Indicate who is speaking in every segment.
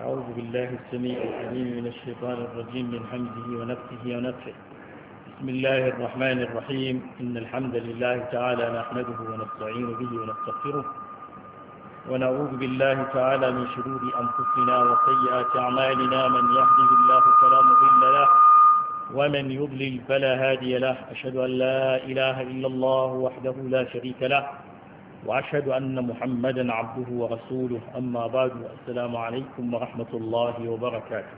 Speaker 1: أعوذ بالله السميع الحليم من الشيطان الرجيم من حمده ونفسه ونفسه بسم الله الرحمن الرحيم إن الحمد لله تعالى نحمده ونستعين به ونستغفره ونعوذ بالله تعالى من شرور أنفسنا وسيئات أعمالنا من يهده الله فلا مضل له ومن يضلل فلا هادي له أشهد أن لا إله إلا الله وحده لا شريك له وأشهد أن محمدا عبده ورسوله أما بعد السلام عليكم ورحمة الله وبركاته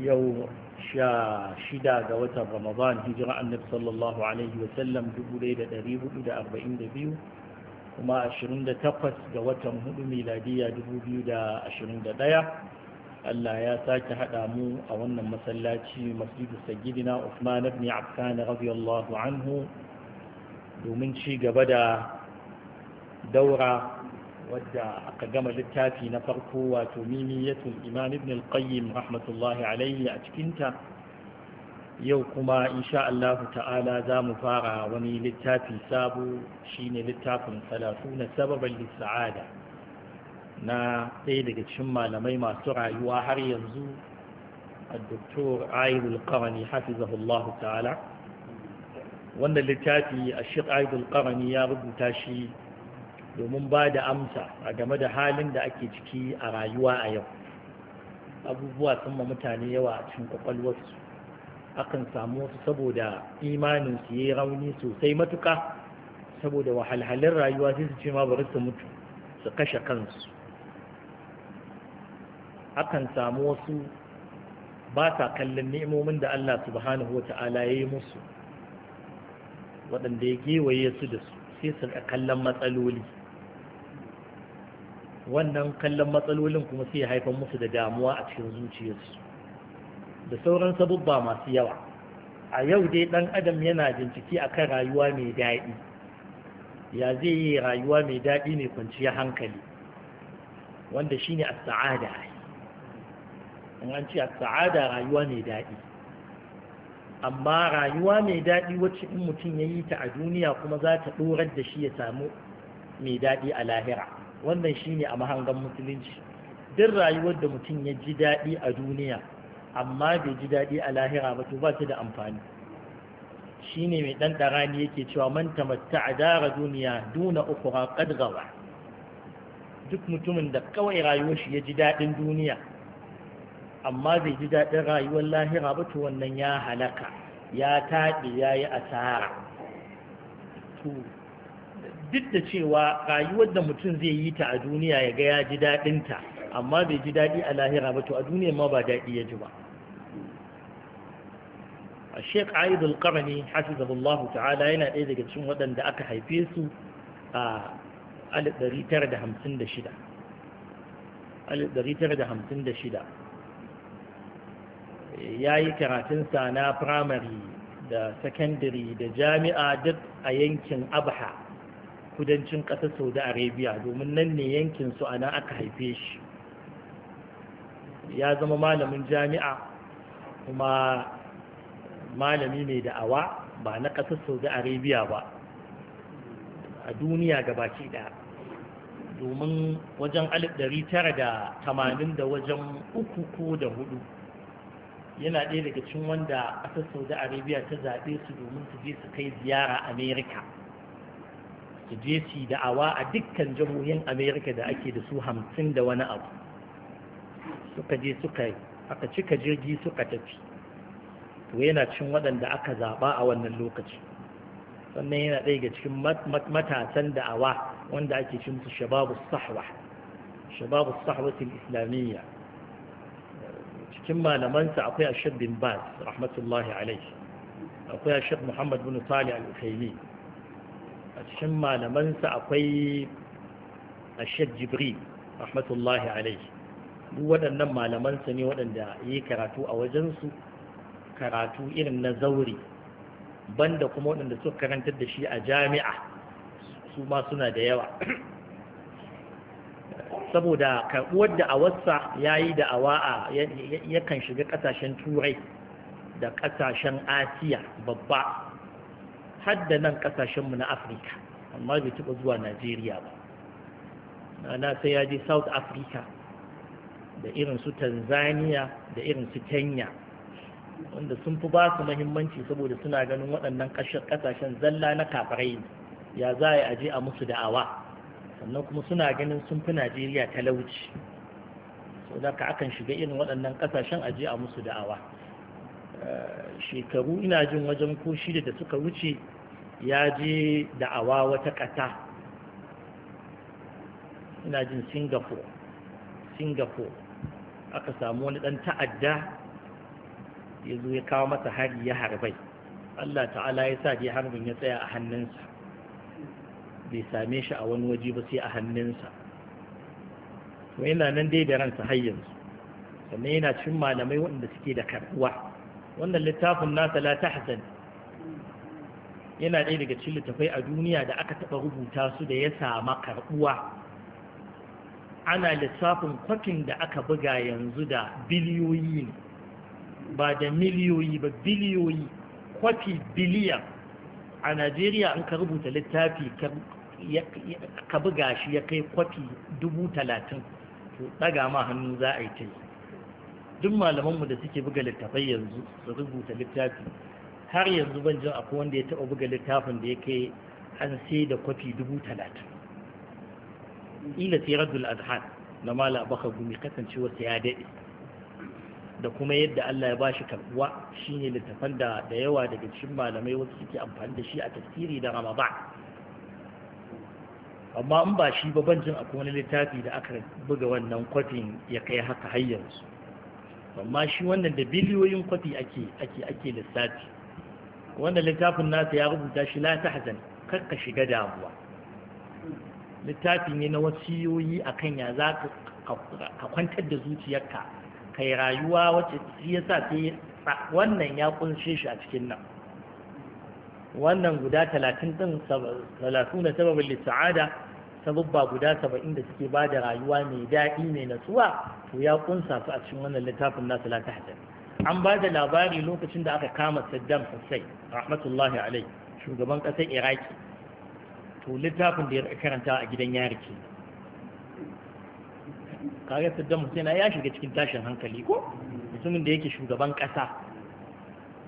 Speaker 1: يوم شاشدا قوتا رمضان هجرة النبي صلى الله عليه وسلم جبليل دريب إلى أربعين دبيو وما أشرين دتقس قوتا مهد ميلادية دبيو دا أشرين دبيو Allah ya sake haɗa mu a wannan masallaci masjidu sayyidina Uthman ibn Affan radiyallahu anhu domin ci gaba da daura wadda aka gama littafi na farko wato mimiyatul imam ibn al-qayyim rahmatullahi alayhi a cikinta yau kuma insha Allah ta'ala za mu fara wani littafi sabo shine littafin salatu na sababan lissa'ada na ɗaya daga cikin malamai masu rayuwa har yanzu a عايد القرني حفظه الله ta'ala. wannan littafi a shi'aidul ƙarami ya rubuta shi domin ba da amsa a game da halin da ake ciki a rayuwa a yau abubuwa sun ma mutane yawa a cikin kwakwalwarsu akan samu wasu saboda imanin su yi rauni sosai matuka saboda wahalhalin rayuwa sai su ce ma bari su mutu su kashe kansu akan samu wasu ba sa kallon ni'imomin da Allah subhanahu wa ta'ala ya yi musu waɗanda ya gewaye su da su sai su kallon matsaloli wannan kallon matsalolin kuma sai ya haifar musu da damuwa a cikin zuciyarsu da sauran sabubba masu yawa a yau dai ɗan adam yana bincike a kan rayuwa mai daɗi ya zai yi rayuwa mai daɗi mai kwanciyar hankali wanda shine a sa'ada in an ce a sa'ada rayuwa mai daɗi amma rayuwa mai daɗi wacce in mutum ya yi ta a duniya kuma za ta ɗorar da shi ya samu mai daɗi a lahira wannan shi ne a mahangan musulunci duk rayuwar da mutum ya ji daɗi a duniya amma bai ji daɗi a lahira ba to ba ta da amfani shi ne mai ɗan ɗarani yake cewa man tamatta a dara duniya duna ukura ƙadgawa duk mutumin da kawai rayuwar shi ya ji daɗin duniya amma bai ji daɗin rayuwar lahira ba to wannan ya halaka ya taɗi ya yi asara duk da cewa rayuwar da mutum zai yi ta a duniya ya gaya ya ji daɗinta amma bai ji daɗi a lahira ba to a duniya ma ba daɗi ya ji ba a sheik aidul karni hafizahullahu ta'ala yana ɗaya daga cikin waɗanda aka haife su a 1956 ya yi karatunsa na firamare da sakandare da jami'a duk a yankin abha kudancin ƙasar saudi arabia domin nan ne yankin su ana aka haife shi ya zama malamin jami'a kuma malami mai da'awa ba na ƙasar saudi arabia ba a duniya gabaki ɗaya domin wajen 1980 da wajen uku ko da hudu yana ɗaya daga cikin wanda ƙasar saudi arabia ta zaɓe su domin su je su kai ziyara amerika su je su da'awa a dukkan jamhuriyar amerika da ake da su hamsin da wani abu suka je suka aka cika jirgi suka tafi to yana cikin waɗanda aka zaɓa a wannan lokaci sannan yana ɗaya daga cikin matasan da'awa wanda ake cin su shababu sahwa shababu sahwatin islamiyya cikin malamansa akwai ashir bin baz rahmatullahi alaihi akwai ashir muhammad bin tali al-ukaimi a cikin malamansa akwai ashir jibril rahmatullahi alaihi duk waɗannan malamansa ne waɗanda ya yi karatu a wajensu karatu irin na zauri banda kuma waɗanda suka karantar da shi a jami'a su ma suna da yawa saboda karɓuwar da'awarsa ya yi da'awa a yakan shiga ƙasashen turai da ƙasashen asiya babba hadda nan ƙasashenmu na afirka amma bai taɓa zuwa najeriya ba na sai ya je south africa da irin su tanzania da irin su kenya wanda sun fi ba su mahimmanci saboda suna ganin waɗannan ƙasashen zalla na kafirai ya za a je a musu da'awa sannan kuma suna ganin sun fi najeriya talauci sau da ka akan shiga irin waɗannan kasashen aje a musu da'awa eh, shekaru ina jin wajen ko shida da suka wuce ya je da'awa wata ƙasa. ina jin singapore singapore aka samu wani ɗan ta'adda ya zo ya kawo masa hari ya harbai Allah ta'ala ya sa dai harbin ya tsaya a hannunsa bai same shi a wani waje ba sai a hannunsa to yana nan dai da ransa har yanzu sannan yana cikin malamai waɗanda suke da karbuwa wannan littafin nasa la tahzan yana ɗaya daga cikin littafai a duniya da aka taɓa rubuta su da ya sama karbuwa ana lissafin kwafin da aka buga yanzu da biliyoyi ba da miliyoyi ba biliyoyi kwafi biliyan a najeriya an ka rubuta littafi ka buga shi ya kai kwafi dubu talatin to ɗaga ma hannu za a yi ta yi duk malamanmu da suke buga littafai yanzu su rubuta littafi har yanzu ban jin akwai wanda ya taɓa buga littafin da ya kai an sai da kwafi dubu talatin ila siradul adhan na mala baka gumi kasance wasu ya daɗe da kuma yadda Allah ya ba shi karɓuwa shine littafan da da yawa daga cikin malamai wasu suke amfani da shi a tafsiri da ramadan amma in ba shi ba bancin a wani littafi da aka buga wannan kwafin ya kai haka har yanzu amma shi wannan da biliyoyin kwafi ake ake ake lissafi wannan littafin nasa ya rubuta shi la ta kar ka shiga damuwa littafi ne na wasiyoyi kan ya za ka kwantar da zuciyarka kai rayuwa wacce shi sa sai wannan ya kunshe shi a cikin nan wannan guda talatin ɗin da sababin lissa'ada sababba guda saba'in da suke ba da rayuwa mai daɗi mai natsuwa to ya kunsa su a cikin wannan littafin nasu la tahzan an ba da labari lokacin da aka kama Saddam Hussein rahmatullahi alai shugaban ƙasar Iraki to littafin da ya karanta a gidan yari ke kaga Saddam Hussein ya shiga cikin tashin hankali ko mutumin da yake shugaban ƙasa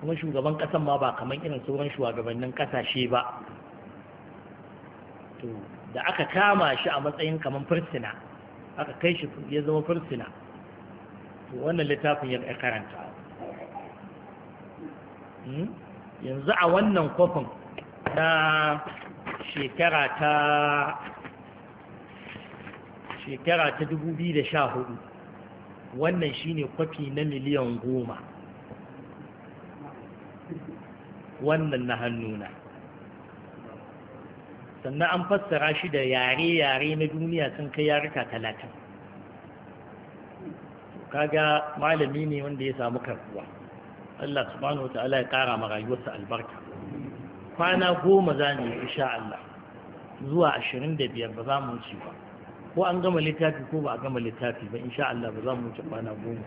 Speaker 1: kuma shugaban ƙasan ma ba kamar irin sauran shugabannin ƙasashe
Speaker 2: ba to
Speaker 1: da aka kama shi a matsayin kamar fursuna aka kai shi ya zama fursuna to wannan littafin ya karanta hmm? yanzu a wannan kofin na shekara ta shekara ta 2014 wannan shine kwafi na miliyan goma wannan na hannuna sannan an fassara shi da yare-yare na duniya sun kai yaruka talatin kaga malami ne wanda ya samu karbuwa Allah subhanahu wa ta'ala ya kara ma rayuwarsa albarka kwana goma za mu insha Allah zuwa ashirin da biyar ba za mu wuce ba ko an gama littafi ko ba a gama littafi ba insha Allah ba za mu wuce kwana goma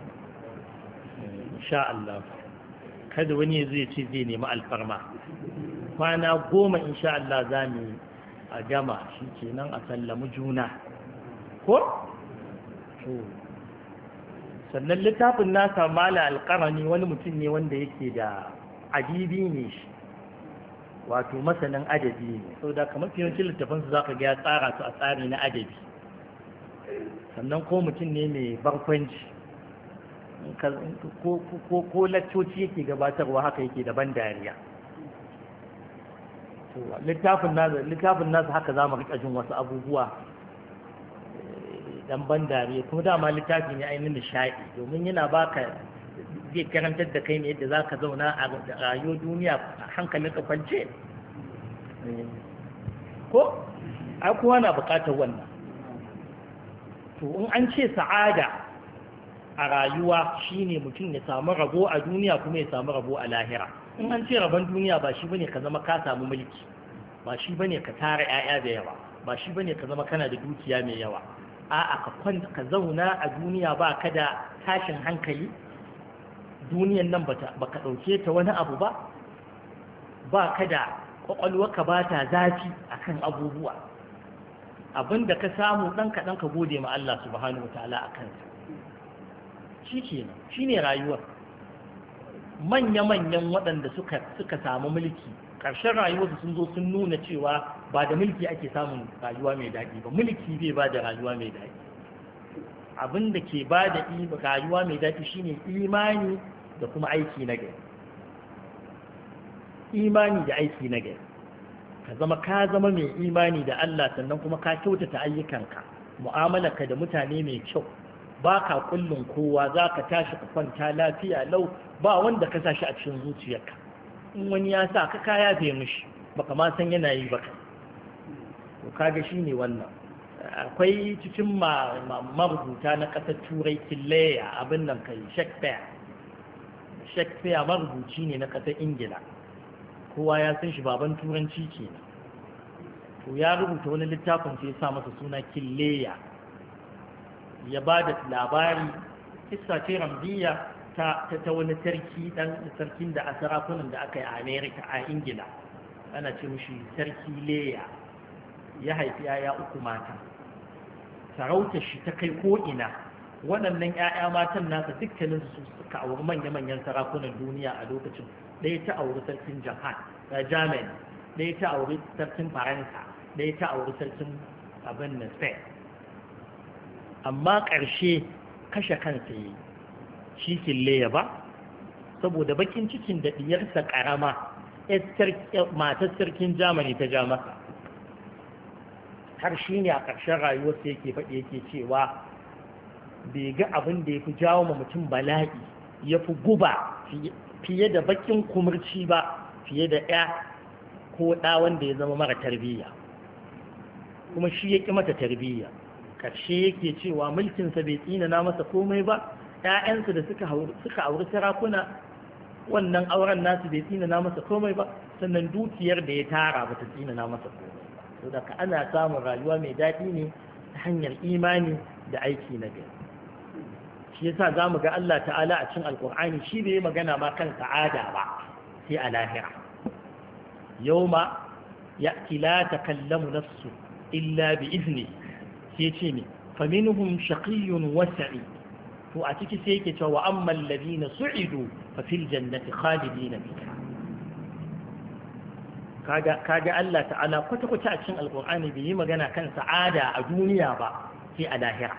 Speaker 1: insha Allah kada wani ya zai ce zai nemi alfarma kwana goma insha Allah za mu a gama shi kenan a sallamu juna ko? sannan littafin nasa mala alƙarani wani mutum ne wanda yake da adibi ne shi wato masanin adabi ne sau da kamar yawancin littafinsu za ka ga ya tsara su a tsari na adabi sannan ko mutum ne mai barkwanci ko laccoci yake gabatarwa haka yake daban dariya littafin nasu littafin nasu haka za mu rika jin wasu abubuwa eh, dan ban dariya kuma dama littafi ne ainihin nishaɗi domin yana baka zai karantar da kai ne yadda za ka zauna a rayuwar duniya hankalin kafance eh, ko ai kowa na bukatar wannan to in an ce sa'ada a rayuwa shine mutum ya samu rabo a duniya kuma ya samu rabo a lahira in an ce rabon duniya ba shi bane ka zama ka samu mulki ba shi bane ka tara 'ya'ya da yawa ba shi bane ka zama kana da dukiya mai yawa a'a ka kwanta ka zauna a duniya ba ka da tashin hankali duniyan nan ba ka ɗauke ta wani abu ba ba ka da ka ba ta zafi akan abubuwa abinda ka samu dan kaɗan ka gode ma Allah subhanahu wa ta'ala a kansa shi ke shi ne rayuwar manya-manyan waɗanda suka samu mulki ƙarshen rayuwarsu sun zo sun nuna cewa ba da mulki ake samun rayuwa mai daɗi ba mulki zai ba da rayuwa mai daɗi abin da ke ba da rayuwa mai daɗi shi ne imani da kuma aiki na gari imani da aiki na gari ka zama ka zama mai imani da Allah sannan kuma ka kyautata ayyukanka mu'amalarka da mutane mai kyau ba ka kullum kowa za ka tashi ka kwanta lafiya lau ba wanda ka sa shi a cikin zuciyarka in wani ya sa ka kaya bai mishi baka ma san yana yi baka to kaga ne wannan akwai cikin marubuta na ƙasar turai killeya abin nan kai shakespeare shakespeare marubuci ne na ƙasar ingila kowa ya san shi baban turanci kenan to ya rubuta wani littafin sai ya sa masa suna killeya ya ba da labari Kisa ce ramziya ta ta wani sarki dan sarkin da a sarakunan da aka yi a Amerika a Ingila ana ce mushi sarki Leya ya haifi yaya uku mata sarauta shi ta kai ko'ina. waɗannan yaya matan nasa dukkanin su suka auri manya-manyan sarakunan duniya a lokacin ɗaya ta auri sarkin Japan eh, Germany ɗaya ta auri sarkin Faransa ɗaya ta auri sarkin abin na Spain amma ƙarshe kashe kansa yi shi kille ba saboda bakin cikin da ɗiyarsa ƙarama matar sarkin jamani ta ja masa har shi ne a ƙarshen rayuwarsa yake faɗi yake cewa bai ga abin da ya fi jawo ma mutum bala'i ya fi guba fiye da bakin kumurci ba fiye da ɗaya ko ɗa wanda ya zama mara tarbiyya kuma shi ya ƙi mata tarbiyya karshe yake cewa mulkinsa bai tsina na masa komai ba ‘ya'yansa da suka auri sarakuna wannan auren nasu bai tsina na masa komai ba sannan dukiyar da ya tara ba ta tsina na masa komai ba daga ana samun rayuwa mai daɗi ne ta hanyar imani da aiki na gari shi yasa za mu ga Allah ta'ala a cin alkur'ani shi bai magana ma kan sa'ada ba sai a lahira yau ma ya kila ta kallamu nafsu illa bi izini sai ce ne faminhum shaqiyyun wa sa'id to a ciki sai yake cewa amma alladhina su'idu fa fil jannati khalidina fiha kaga kaga Allah ta'ala kwata kwata a cikin alqur'ani bai yi magana kan sa'ada a duniya ba sai a lahira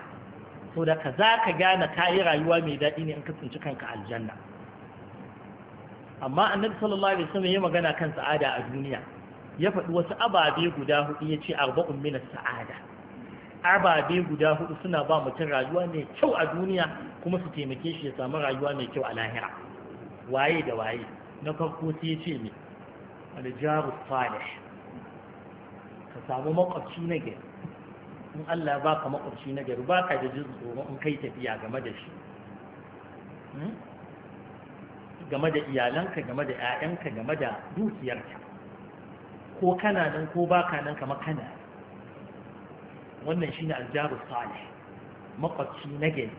Speaker 1: to da ka zaka gane kayi rayuwa mai daɗi ne in ka tsinci kanka aljanna amma annabi sallallahu alaihi wasallam ya magana kan sa'ada a duniya ya faɗi wasu ababe guda hudu ya ce arba'un min saada ababe guda hudu suna ba mutum rayuwa mai kyau a duniya kuma su taimake shi ya samu rayuwa mai kyau a lahira waye da waye na farko sai ce ne aljabu salih ka samu makwabci na gari in Allah ba ka makwabci na gari ba ka da jin tsoro in kai tafiya game da shi hmm? game da iyalanka game da 'ya'yanka game da dukiyarka ko kana nan ko baka nan kama kana wannan shine aljaru salih makwabci na gari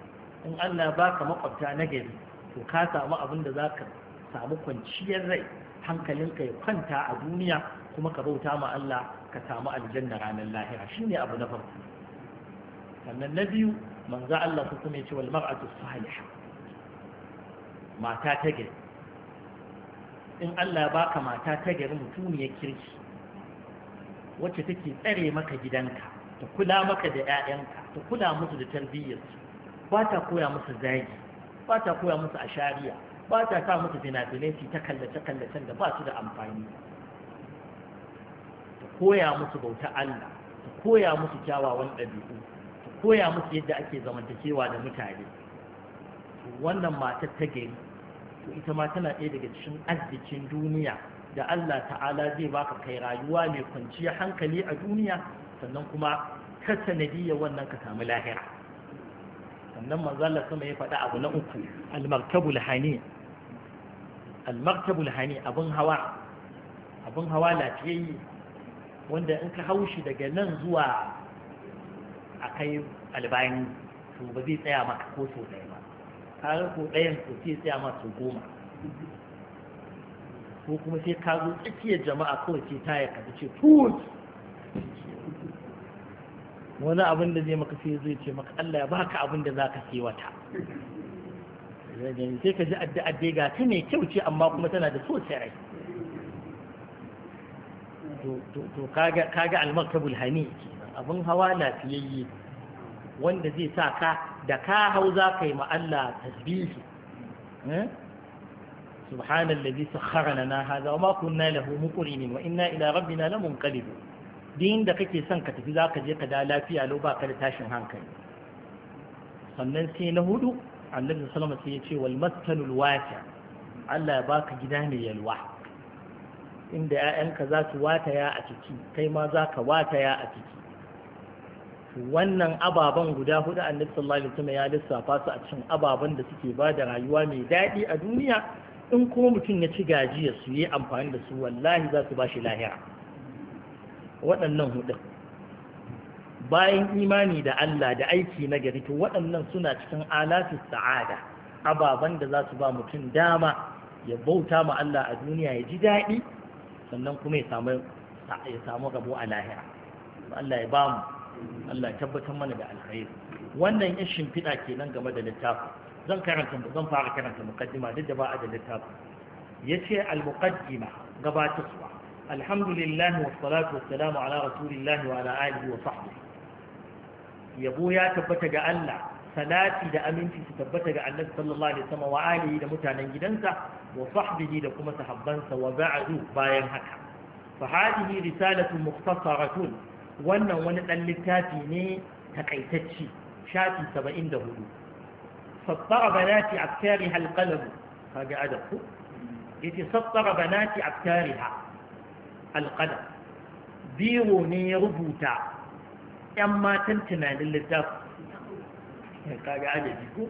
Speaker 1: in Allah baka makwabta na gari to ka samu abin da zaka samu kwanciyar rai hankalinka ya kwanta a duniya kuma ka bauta ma Allah ka samu aljanna ranar lahira shine abu na farko sannan na biyu manzo Allah su kuma ce wal mar'atu salihah mata ta gari in Allah ya baka mata ta gari mutumiyar kirki wacce take tsare maka gidanka ta kula maka da 'ya'yanka ta kula musu da tarbiyyarsu ba ta koya musu zagi ba ta koya musu ashariya ba ta sa musu fina-finai su ta kallace-kallacen da ba su da amfani ta koya musu bauta Allah ta koya musu kyawawan ɗabi'u ta koya musu yadda ake zamantakewa da mutane wannan matar ta gari to ita ma tana ɗaya daga cikin arzikin duniya da Allah ta'ala zai baka kai rayuwa mai kwanciyar hankali a duniya sannan kuma ka sanadiyar wannan ka samu lahira sannan manzala sama ya faɗa abu na uku almarkabul hani almarkabul hani abin hawa abin hawa lafiyayye wanda in ka haushi daga nan zuwa a kai albani to ba zai tsaya maka ko so ɗaya ba ka ko ɗayan to sai tsaya ma so goma ko kuma sai ka zo tsakiyar jama'a kawai sai ta ya kasu ce tut wani abin da zai maka sai zai ce maka Allah ya baka abin da zaka sai wata sai ka ji addu'a dai ga ta mai kyau ce amma kuma tana da sosai rai to kaga kaga almaktabul hani abin hawa lafiyayye wanda zai sa ka da ka hau za ka yi ma Allah tasbihi eh? subhanallazi sakhkhara lana hadha wa ma kunna lahu muqrinin wa inna ila rabbina lamunqalibun din da kake son ka tafi zaka je ka da lafiya lau ba ka da tashin hankali sannan sai na hudu annabi sallallahu alaihi sai ya ce wal maskanul wata Allah ya baka gida mai yalwa inda 'ya'yanka za su wataya a ciki kai ma za ka wataya a ciki wannan ababen guda hudu annabi sallallahu alaihi wasallam ya lissafa su a cikin ababen da suke ba da rayuwa mai daɗi a duniya in kuma mutum ya ci gajiya su yi amfani da su wallahi za su ba shi lahira waɗannan hudun bayan imani da Allah da aiki na gari to waɗannan suna cikin alafis sa'ada ababen da za su ba mutum dama ya bauta ma Allah a duniya ya ji daɗi sannan kuma ya samu rabo a lahira Allah ya ba mu Allah ya tabbatar mana da alkhairi wannan ya shimfiɗa kenan game da littafi zan karanta zan fara karanta muqaddima duk da ba a da littafi yace al-muqaddima gabatarwa الحمد لله والصلاة والسلام على رسول الله وعلى آله وصحبه يبو يا تبتغى الله da aminci su tabbata ga annabi sallallahu alaihi wasallam wa alihi da mutanen gidansa wa sahbihi da kuma sahabbansa wa ba'du bayan haka fa hadhihi risalatu mukhtasaratun wannan wani ɗan littafi ne takaitacci shafi 74 sattara banati aktariha alqalam kaga banati alƙadar biro ne ya rubuta 'yan matan tunanin
Speaker 2: littafi
Speaker 1: kaga adadi ko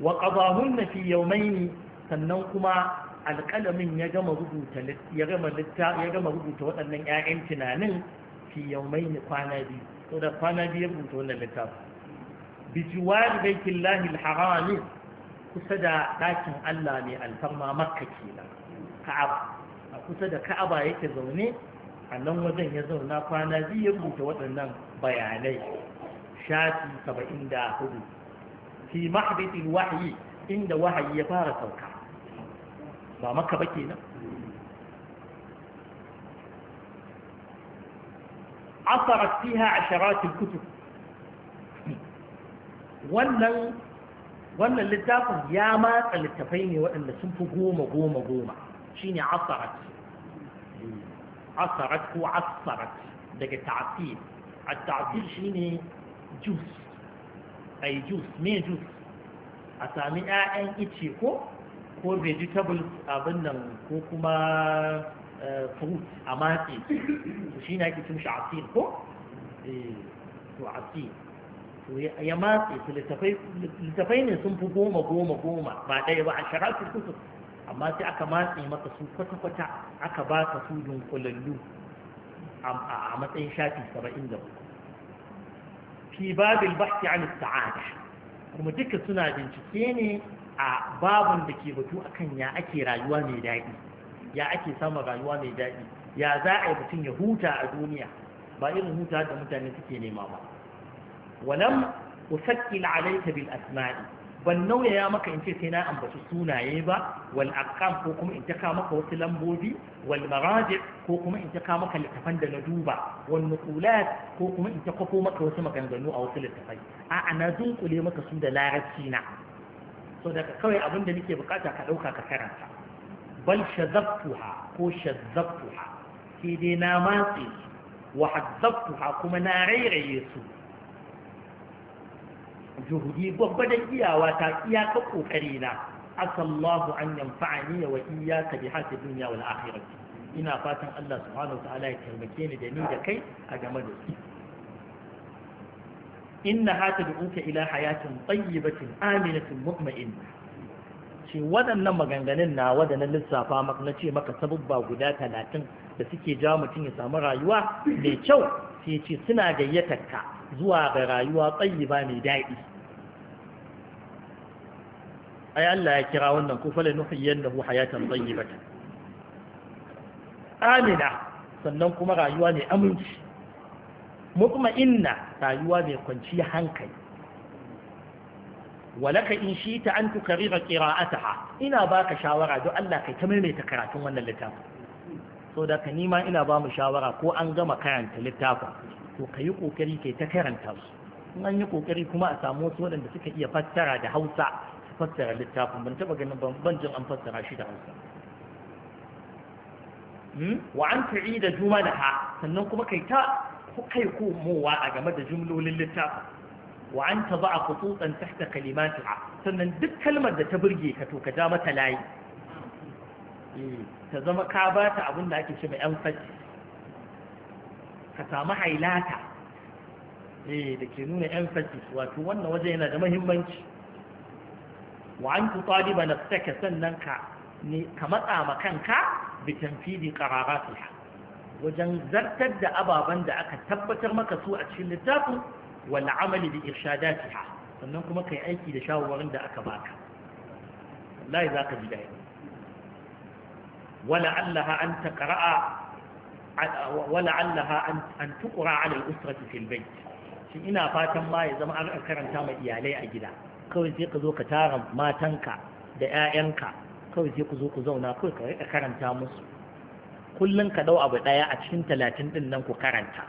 Speaker 1: wa na fi yawmayn sannan kuma alƙalamin ya gama rubuta ya gama rubuta waɗannan ƴaƴan tunanin fi yawmayn kwana biyu to da kwana biyu rubuta wannan littafi bi jiwar baitillahi alharam kusa da ɗakin Allah ne alfarma makka kenan ka'aba a kusa da ka'aba yake zaune a nan wajen ya zauna kwana zai ya rubuta waɗannan bayanai shafi saba'in da hudu fi mahbitin wahayi inda wahayi ya fara sauka ba maka ba kenan asarat fiha sharatin kutu wannan wannan littafin ya matsa littafai ne waɗanda sun fi goma goma goma شيني عصرت عصرت هو عصرت دك التعطيل التعطيل شيني جوس أي جوس مي جوس أسامي آئن إتشي كو كو فيجيتابل كو كما فروت أماتي شيني هكي تمش عصير كو تو عصير يا ماتي في التفاين بوما بوما بوما بعد ايه بقى عشرات الكتب amma sai aka matse maka su kwata-kwata aka ba ka su dunkulallu a matsayin shafi saba'in da fi babil bahti an sa'ada kuma duka suna bincike ne a babun da ke batu akan ya ake rayuwa mai daɗi ya ake samun rayuwa mai daɗi ya za a yi mutum ya huta a duniya ba irin huta da mutane suke nema ba walam usakkil alayka bil asma'i ban nauyaya maka in ce sai na ambaci sunaye ba wal aqam ko kuma in taka maka wasu lambobi wal maraji ko kuma in taka maka littafan da na duba wal nuqulat ko kuma in ta kwafo maka wasu maganganu a wasu littafai a'a na dunkule maka su da larabci na so daga kawai abin da nake bukata ka dauka ka karanta bal shazabtuha ko shazabtuha sai dai na matse wa hazzabtuha kuma na rairaye su juhudi gwagwadon iyawa ta iyaka kokari na asallahu an yanfa'ani wa iyyaka bi hasbi dunya wal akhirah ina fatan Allah subhanahu ta'ala ya taimake ni da ni da kai a game da su inna hata du'uka ila hayatin tayyibatin aminatin mutma'inna ce waɗannan maganganun na waɗannan lissafa maka na ce maka sababba guda talatin da suke jawo mutum ya samu rayuwa mai kyau sai ce suna gayyatar ka zuwa ga rayuwa tsayi ba mai daɗi ai Allah ya kira wannan ko fala nuhyiyannahu hayatan tayyibatan amina sannan kuma rayuwa ne aminci mutma'inna rayuwa mai kwanci hankali walaka in shi ta an tukarira qira'ataha ina baka shawara don Allah kai ta maimaita karatun wannan littafin so da ka nima ina ba mu shawara ko an gama karanta littafin to kayi kokari kai ta karanta su in an yi kokari kuma a samu wasu waɗanda suka iya fassara da Hausa fassara littafin ban taba ganin ban jin an fassara shi da hausa hmm? wa an ta'i da jumalaha sannan kuma kai ta kai ko mowa a game da jumlolin littafin wa an ta ba a kututsan tahta kalimatiha sannan duk kalmar da ta burge ka to ka ja mata layi eh, ta zama ka ba ta abin da ake ce mai emphasis ka samu hailata eh, da ke nuna emphasis wato wannan waje yana da mahimmanci wa an tutaliba nafsaka sannan ka ne ka matsa ma kanka bi tanfidi qararatiha wajen zartar da ababan da aka tabbatar maka su a cikin littafin wal amali bi irshadatiha sannan kuma kai aiki da shawarwarin da aka baka wallahi zaka ji dai wala allaha an taqra'a ولعلها أن تقرأ على الأسرة في البيت ina fatan ma ya zama an karanta ma iyalai a gida kawai sai ka zo ka tara matanka da 'ya'yanka kawai sai ku zo ku zauna kawai ka rika karanta musu kullum ka dau abu ɗaya a cikin talatin din nan ku karanta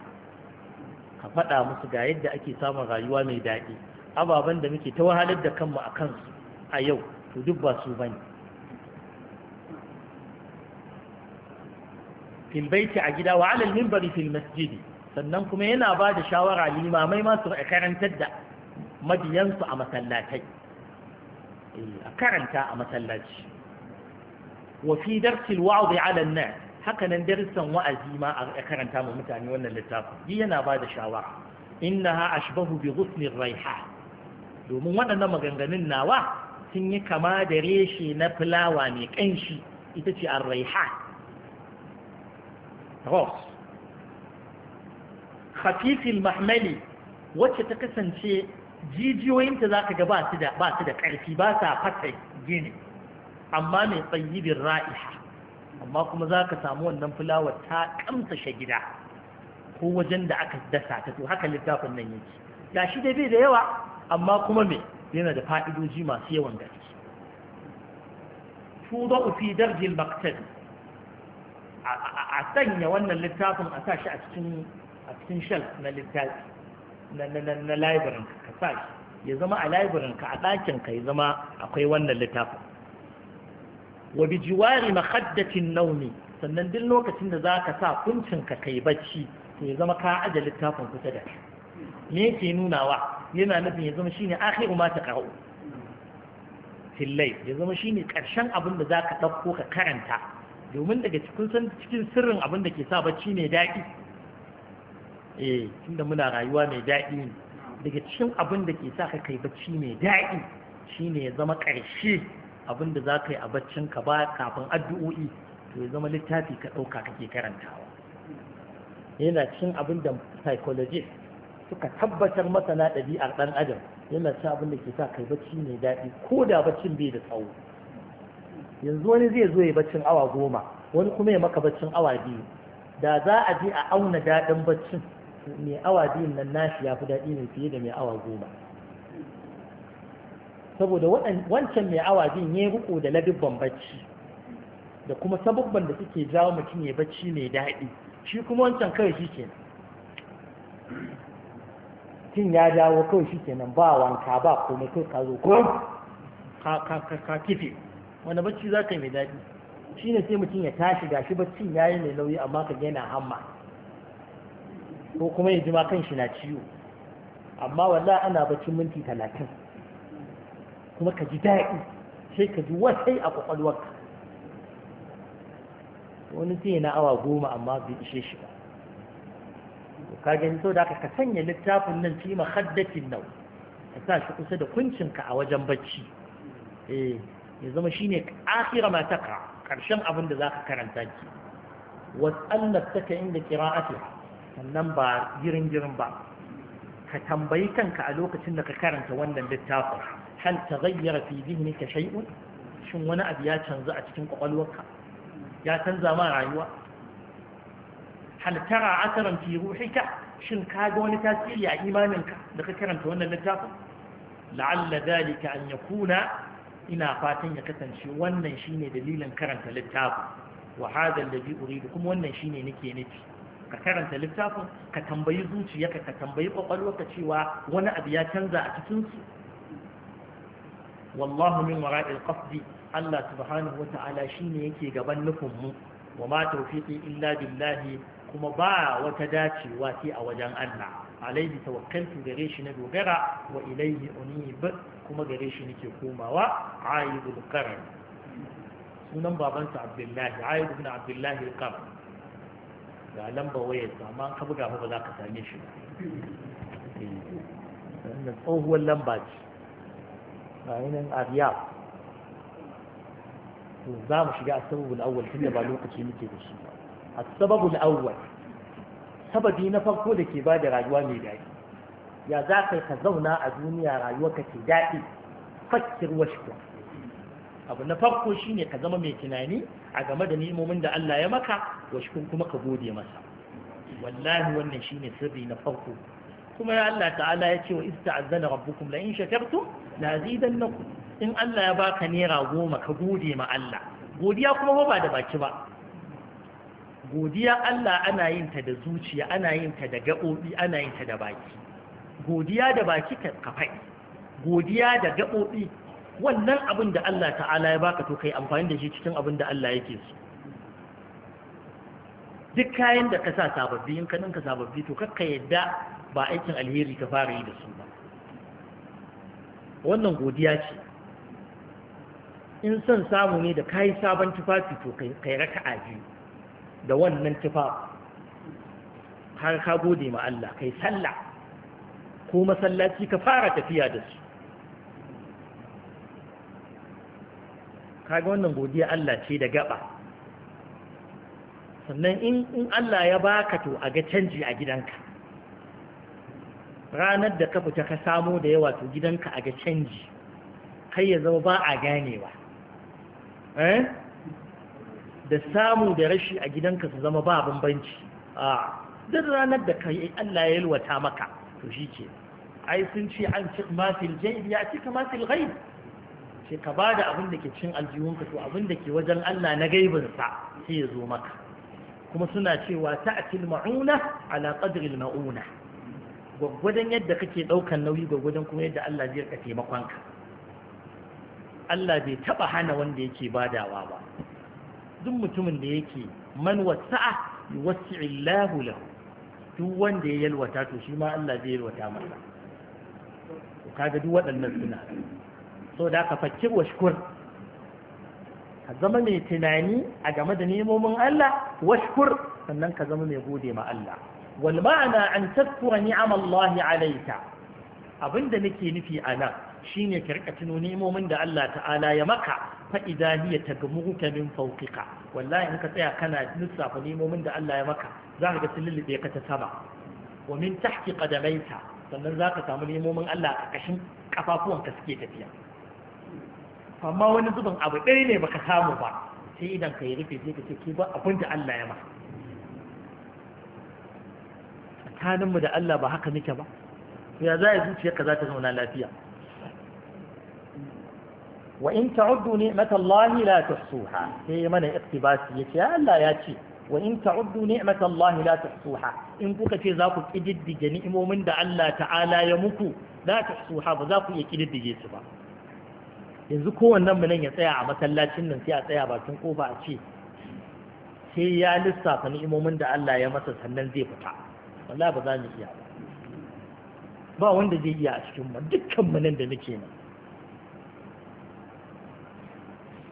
Speaker 1: ka faɗa musu ga yadda ake samun rayuwa mai daɗi ababen da muke ta wahalar da kanmu a kansu a yau to duk ba su bane fil baiti a gida wa alal minbari fil masjidi sannan kuma yana ba da shawara limamai ma su karantar da madiyansu a masallatai eh, a karanta a masallaci Wafi fi darsil wa'dhi 'ala an haka nan darussan wa'azi ma a karanta mu mutane wannan littafin yi yana ba da shawara innaha ashbahu bi ghusnir raiha domin waɗannan maganganun nawa sun yi kama da reshe na fulawa mai kanshi. ita ce an raiha rose khafifil mahmali wacce ta kasance jijiyoyinta za ka ga ba su da ƙarfi ba sa fata gini amma mai tsayibin ra'iha amma kuma za ka samu wannan fulawar ta kamsashe gida ko wajen da aka dasa ta to haka littafin nan yake ga shi da bai da yawa amma kuma mai yana da fa'idoji masu yawan gari. tudo ufi, darjil maktabi a sanya wannan littafin a sa shi a cikin shelf na littafi na library Sai, ya zama a library ka a ɗakin ka ya zama akwai wannan littafin wa bi jiwari mahaddatin naumi sannan duk lokacin da zaka sa kuncin ka kai bacci to ya zama ka aje littafin kusa da shi. me yake nunawa yana nufin ya zama shine akhiru ma taqra'u fillai ya zama shine karshen abin da zaka dauko ka karanta domin daga cikin san cikin sirrin abin da ke sa bacci mai daɗi eh tunda muna rayuwa mai daɗi ne daga cikin abin da ke sa ka kai bacci mai daɗi ne ya zama ƙarshe abin da za ka yi a baccin ka ba kafin addu'o'i to ya zama littafi ka ɗauka kake karantawa yana cikin abin da psychologist suka tabbatar masana ɗabi'ar ɗan adam yana cikin abin da ke sa kai bacci mai daɗi ko da baccin bai da tsawo yanzu wani zai zo ya baccin awa goma wani kuma ya maka baccin awa biyu da za a je a auna daɗin baccin mai awa biyun nan nashi ya fi daɗi ne fiye da mai awa goma saboda wancan mai awa biyun ya yi riko da ladibban bacci da kuma sabubban da suke jawo mutum ya bacci mai daɗi shi kuma wancan kawai shi ke tun ya jawo kawai shi kenan ba wanka ba komai kai ka zo ko ka kife wani bacci za ka mai daɗi shi ne sai mutum ya tashi gashi baccin ya yi mai nauyi amma ka gaina hamma ko kuma ya jima kan shi na ciwo amma walla ana bacin minti talatin kuma ka ji daɗi sai ka ji wasai a kwakwalwarka wani sai na awa goma amma bai ishe shi ba ka gani sau da aka ka sanya littafin nan cima mahaddatin nau ka sa shi kusa da kuncinka a wajen bacci eh ya zama shine akhira ma taqa karshen abin da za ka karanta ki was'al saka inda qira'atiha sannan ba girin-girin ba ka tambayi kanka a lokacin da ka karanta wannan littafin hal ta zayyara fi zihnika shay'un shin wani abu ya canza a cikin kwakwalwarka ya canza ma rayuwa hal tara asarar fi ruhika shin ka ga wani tasiri a imaninka da ka karanta wannan littafin la'alla dalika an kuna ina fatan ya kasance wannan shine dalilin karanta littafin wa hada alladhi uridu kuma wannan shine nake nufi ka karanta littafin ka tambayi zuciyarka ka tambayi kwakwalwarka cewa wani abu ya canza a cikinsu wallahu min wara'il qasdi Allah subhanahu wata'ala shine yake gaban nufin mu wa ma tawfiqi illa billahi kuma ba wata dacewa sai a wajen Allah alaihi tawakkaltu gare shi na dogara wa ilaihi unib kuma gare shi nake komawa sunan babansa abdullahi ayyul abdullahi ga lamba wayar amma ka buga ba za ka same shi ba wannan eh, tsohuwar lamba ce ga yanayin ariya to za mu shiga a asababul tun tunda ba lokaci muke da shi ba asababul awwal sababi na farko da ke ba da rayuwa mai daɗi ya za ka zauna a duniya rayuwa ka ke daɗi fakir washkur abu na farko shine ka zama mai tunani a game da nimomin da Allah ya maka washkun kuma ka gode masa wallahi wannan shine sirri na farko kuma ya Allah ta'ala ya ce wa ista'azzana rabbukum la in shakartum la azidannakum in Allah ya baka naira goma ka gode ma Allah godiya kuma ba da baki ba godiya Allah ana yin ta da zuciya ana yin ta da gaɓoɓi ana yin ta da baki godiya da baki ka faɗi godiya da gaɓoɓi wannan abin da Allah ta'ala ya baka to kai amfani da shi cikin abin da Allah yake so duk kayan da ka sa sababbi in ka ninka sababbi to kakka yadda ba aikin alheri ka fara yi da su ba wannan godiya ce in son samu ne da kayi sabon tufafi to kai raka aji da wannan tufafi har ka gode ma Allah kai sallah ko masallaci ka fara tafiya da su kaga wannan godiya Allah ce da gaba sannan in Allah ya baka to a ga canji a gidanka ranar da ka fita ka samo da yawa to gidanka a ga canji kai ya zama ba a ganewa eh? da samu da rashi a gidanka su zama ba bambanci a duk ranar da ka Allah ya yalwata maka to shi ke ai sun ce an ci masil jaibi ya ci ka masil ghaib sai ka ba da abin da ke cin aljihunka to abin da ke wajen Allah na gaibinsa sai ya zo maka kuma suna cewa ta'til ma'una ala qadri al-ma'una gwaggwadon yadda kake daukan nauyi gwaggwadon kuma yadda Allah zai ka taimakon ka Allah bai taba hana wanda yake badawa ba duk mutumin da yake man wasa'a yuwasi'u Allahu lahu duk wanda ya yalwata to shi ma Allah zai yalwata masa kaga duk waɗannan suna so da ka fakir wa shukur ka zama mai tunani a game da nemomin Allah wa shukur sannan ka zama mai gode ma Allah wal ma'ana an tattura ni'amallahi abin abinda nake nufi a nan shine ka rika tuno nemomin da Allah ta'ala ya maka fa idza hiya tagmuka min fawqika wallahi in ka tsaya kana lissafa nemomin da Allah ya maka za ka ga sun ka ta sama wa min tahti qadamaita sannan za ka samu nemomin Allah a kafafuwan kafafuwanka suke tafiya amma wani zubin abu ɗaya ne baka samu ba sai idan ka yi rufe sai ka ce ke ba abin da Allah ya ma mu da Allah ba haka muke ba ya za a zuciyarka za ta zauna lafiya wa in ta'uddu ni'matallahi la tuhsuha sai mana iktibasi yace ya Allah ya ce wa in ta'uddu ni'matallahi la tuhsuha in kuka ce za ku kididdige ni'imomin da Allah ta'ala ya muku la tuhsuha ba za ku iya kididdige su ba yanzu kowannen mu ya tsaya a masallacin nan sai a tsaya bakin kofa a ce sai ya lissafa ni'imomin da Allah ya masa sannan zai fita wallahi ba za mu iya ba ba wanda zai iya a cikin mu dukkan mu da muke nan